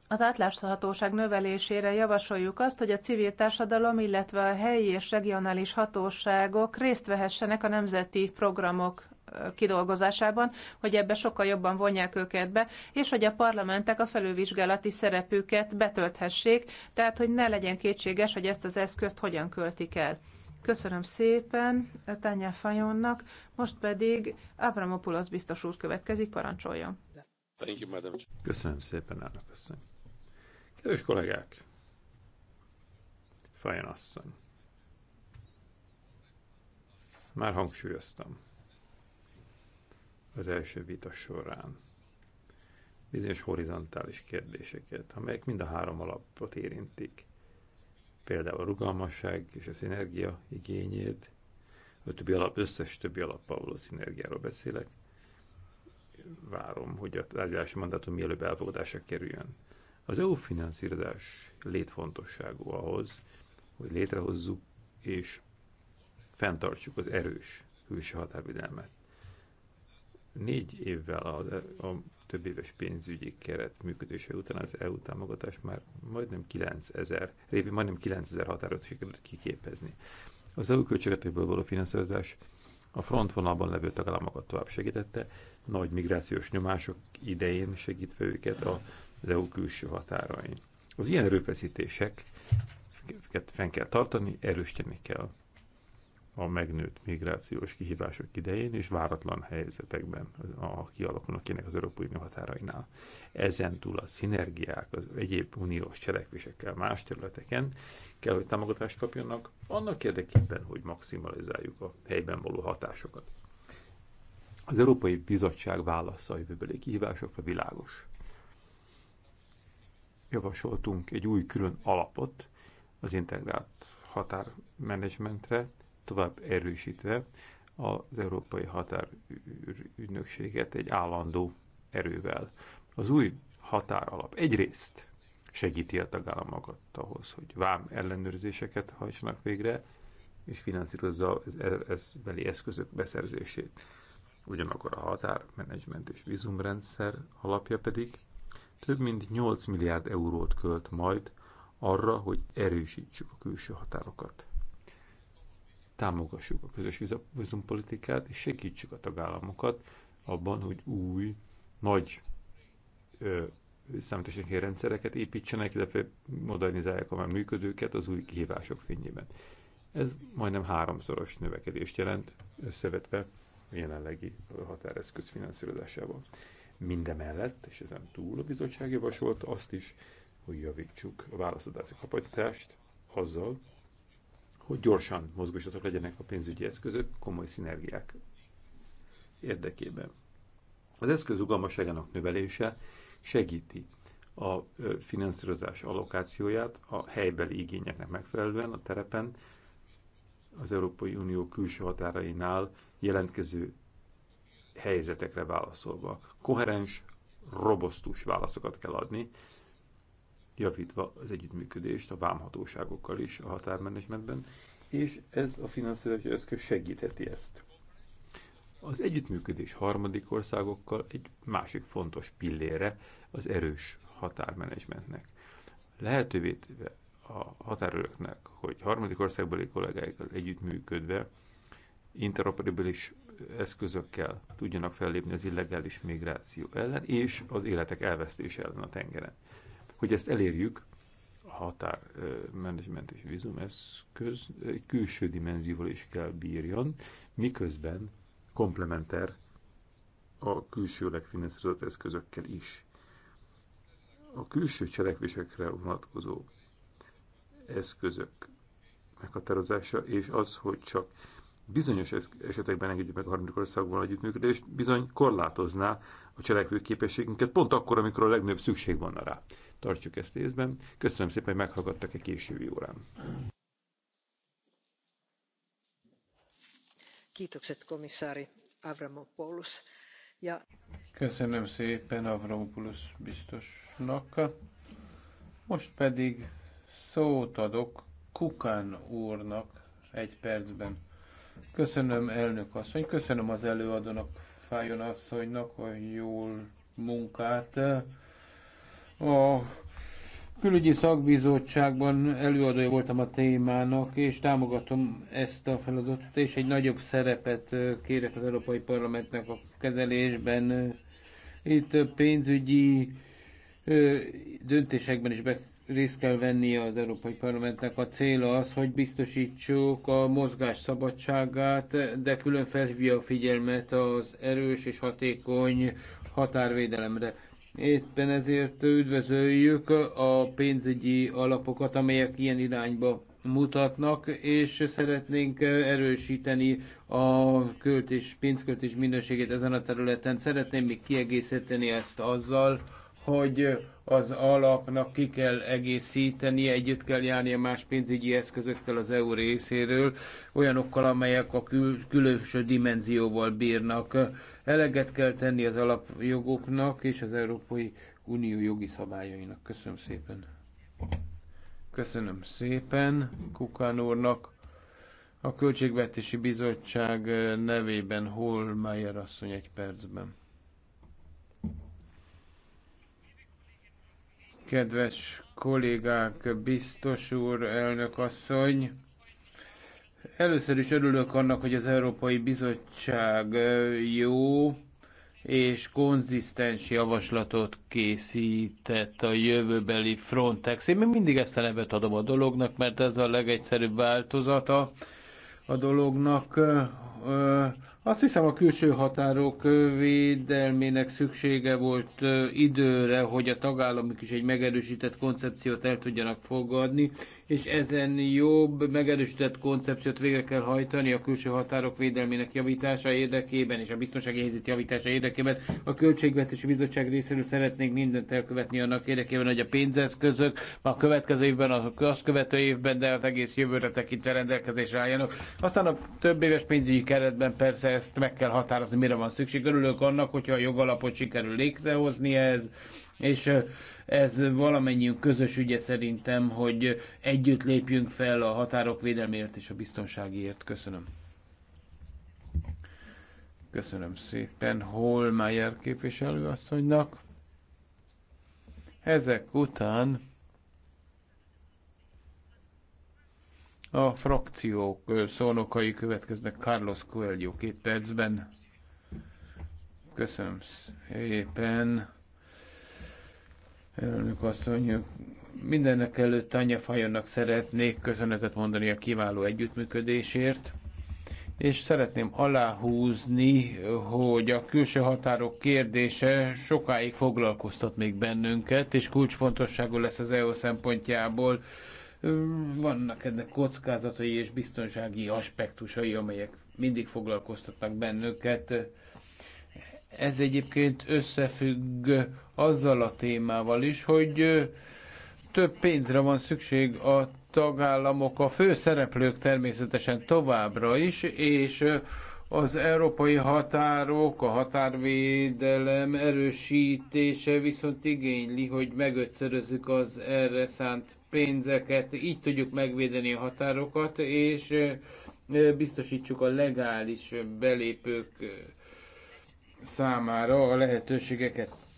Az átláthatóság növelésére javasoljuk azt, hogy a civil társadalom, illetve a helyi és regionális hatóságok részt vehessenek a nemzeti programok kidolgozásában, hogy ebbe sokkal jobban vonják őket be, és hogy a parlamentek a felülvizsgálati szerepüket betölthessék, tehát hogy ne legyen kétséges, hogy ezt az eszközt hogyan költik el. Köszönöm szépen Tanya Fajonnak, most pedig Abramopoulos biztos úr következik, parancsoljon. Köszönöm szépen, elnök asszony. Kedves kollégák, Fajon asszony. Már hangsúlyoztam az első vita során bizonyos horizontális kérdéseket, amelyek mind a három alapot érintik például a rugalmasság és a szinergia igényét, a többi alap, összes többi alappal való szinergiáról beszélek. Várom, hogy a tárgyalási mandátum mielőbb elfogadásra kerüljön. Az EU finanszírozás létfontosságú ahhoz, hogy létrehozzuk és fenntartsuk az erős külső határvédelmet. Négy évvel a, a több éves pénzügyi keret működése után az EU támogatás már majdnem 9000, révén majdnem 9000 határot sikerült kiképezni. Az EU költségetekből való finanszírozás a frontvonalban levő tagállamokat tovább segítette, nagy migrációs nyomások idején segítve őket az EU külső határain. Az ilyen erőfeszítéseket fenn kell tartani, erősíteni kell a megnőtt migrációs kihívások idején és váratlan helyzetekben, a kialakulnak az Európai Unió határainál. Ezen túl a szinergiák az egyéb uniós cselekvésekkel más területeken kell, hogy támogatást kapjanak, annak érdekében, hogy maximalizáljuk a helyben való hatásokat. Az Európai Bizottság válasza a jövőbeli kihívásokra világos. Javasoltunk egy új külön alapot az integrált határmenedzsmentre, tovább erősítve az Európai Határügynökséget egy állandó erővel. Az új határalap egyrészt segíti a tagállamokat ahhoz, hogy vám ellenőrzéseket hajtsanak végre, és finanszírozza e- ez beli eszközök beszerzését. Ugyanakkor a határmenedzsment és vízumrendszer alapja pedig több mint 8 milliárd eurót költ majd arra, hogy erősítsük a külső határokat támogassuk a közös vízumpolitikát, és segítsük a tagállamokat abban, hogy új, nagy számítási rendszereket építsenek, illetve modernizálják a már működőket az új kihívások fényében. Ez majdnem háromszoros növekedést jelent összevetve a jelenlegi határeszköz finanszírozásával. Mindemellett, és ezen túl a bizottság javasolt azt is, hogy javítsuk a válaszadási kapacitást azzal, hogy gyorsan mozgósatok legyenek a pénzügyi eszközök komoly szinergiák érdekében. Az eszköz rugalmasságának növelése segíti a finanszírozás allokációját a helybeli igényeknek megfelelően a terepen, az Európai Unió külső határainál jelentkező helyzetekre válaszolva. Koherens, robosztus válaszokat kell adni, javítva az együttműködést a vámhatóságokkal is a határmenedzsmentben, és ez a finanszírozási eszköz segítheti ezt. Az együttműködés harmadik országokkal egy másik fontos pillére az erős határmenedzsmentnek. Lehetővé téve a határőröknek, hogy harmadik országbeli kollégáikkal együttműködve interoperabilis eszközökkel tudjanak fellépni az illegális migráció ellen és az életek elvesztése ellen a tengeren. Hogy ezt elérjük, a határmenedzsment és ez egy külső dimenzióval is kell bírjon, miközben komplementer a külsőleg finanszírozott eszközökkel is. A külső cselekvésekre vonatkozó eszközök meghatározása, és az, hogy csak bizonyos esetekben engedjük meg a harmadik országban együttműködést, bizony korlátozná a cselekvőképességünket pont akkor, amikor a legnagyobb szükség van rá. Tartjuk ezt észben. Köszönöm szépen, hogy meghallgattak egy későbbi órán. Kiitokset komissári Avramopoulos. Ja. Köszönöm szépen Avramopoulos biztosnak. Most pedig szót adok Kukán úrnak egy percben. Köszönöm elnök asszony, köszönöm az előadónak, Fájon asszonynak a jól munkát. A külügyi szakbizottságban előadója voltam a témának, és támogatom ezt a feladatot, és egy nagyobb szerepet kérek az Európai Parlamentnek a kezelésben. Itt pénzügyi döntésekben is be részt kell vennie az Európai Parlamentnek. A cél az, hogy biztosítsuk a mozgás szabadságát, de külön felhívja a figyelmet az erős és hatékony határvédelemre. Éppen ezért üdvözöljük a pénzügyi alapokat, amelyek ilyen irányba mutatnak, és szeretnénk erősíteni a költés, pénzköltés minőségét ezen a területen. Szeretném még kiegészíteni ezt azzal, hogy az alapnak ki kell egészíteni, együtt kell járni a más pénzügyi eszközökkel az EU részéről, olyanokkal, amelyek a kül- különöső dimenzióval bírnak. Eleget kell tenni az alapjogoknak és az Európai Unió jogi szabályainak. Köszönöm szépen. Köszönöm szépen Kukán úrnak. A Költségvetési Bizottság nevében Holmeyer asszony egy percben. Kedves kollégák, biztos úr, elnök asszony! Először is örülök annak, hogy az Európai Bizottság jó és konzisztens javaslatot készített a jövőbeli Frontex. Én még mindig ezt a nevet adom a dolognak, mert ez a legegyszerűbb változata a dolognak azt hiszem a külső határok védelmének szüksége volt időre, hogy a tagállamok is egy megerősített koncepciót el tudjanak fogadni, és ezen jobb, megerősített koncepciót végre kell hajtani a külső határok védelmének javítása érdekében és a biztonsági helyzet javítása érdekében. A Költségvetési Bizottság részéről szeretnénk mindent elkövetni annak érdekében, hogy a pénzeszközök a következő évben, a azt követő évben, de az egész jövőre tekintve rendelkezésre álljanak. Aztán a több éves pénzügyi keretben persze ezt meg kell határozni, mire van szükség. Örülök annak, hogyha a jogalapot sikerül létrehozni ez és ez valamennyiünk közös ügye szerintem, hogy együtt lépjünk fel a határok védelméért és a biztonságiért. Köszönöm. Köszönöm szépen Holmeyer képviselőasszonynak. Ezek után a frakciók szónokai következnek Carlos Coelho két percben. Köszönöm szépen. Elnök asszony, mindenek előtt Anya Fajonnak szeretnék köszönetet mondani a kiváló együttműködésért, és szeretném aláhúzni, hogy a külső határok kérdése sokáig foglalkoztat még bennünket, és kulcsfontosságú lesz az EU szempontjából. Vannak ennek kockázatai és biztonsági aspektusai, amelyek mindig foglalkoztatnak bennünket. Ez egyébként összefügg azzal a témával is, hogy több pénzre van szükség a tagállamok, a fő szereplők természetesen továbbra is, és az európai határok, a határvédelem erősítése viszont igényli, hogy megötszörözzük az erre szánt pénzeket, így tudjuk megvédeni a határokat, és biztosítsuk a legális belépők számára a lehetőségeket.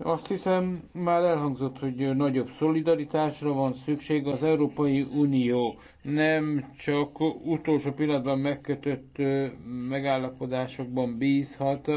Azt hiszem, már elhangzott, hogy nagyobb szolidaritásra van szükség. Az Európai Unió nem csak utolsó pillanatban megkötött megállapodásokban bízhat,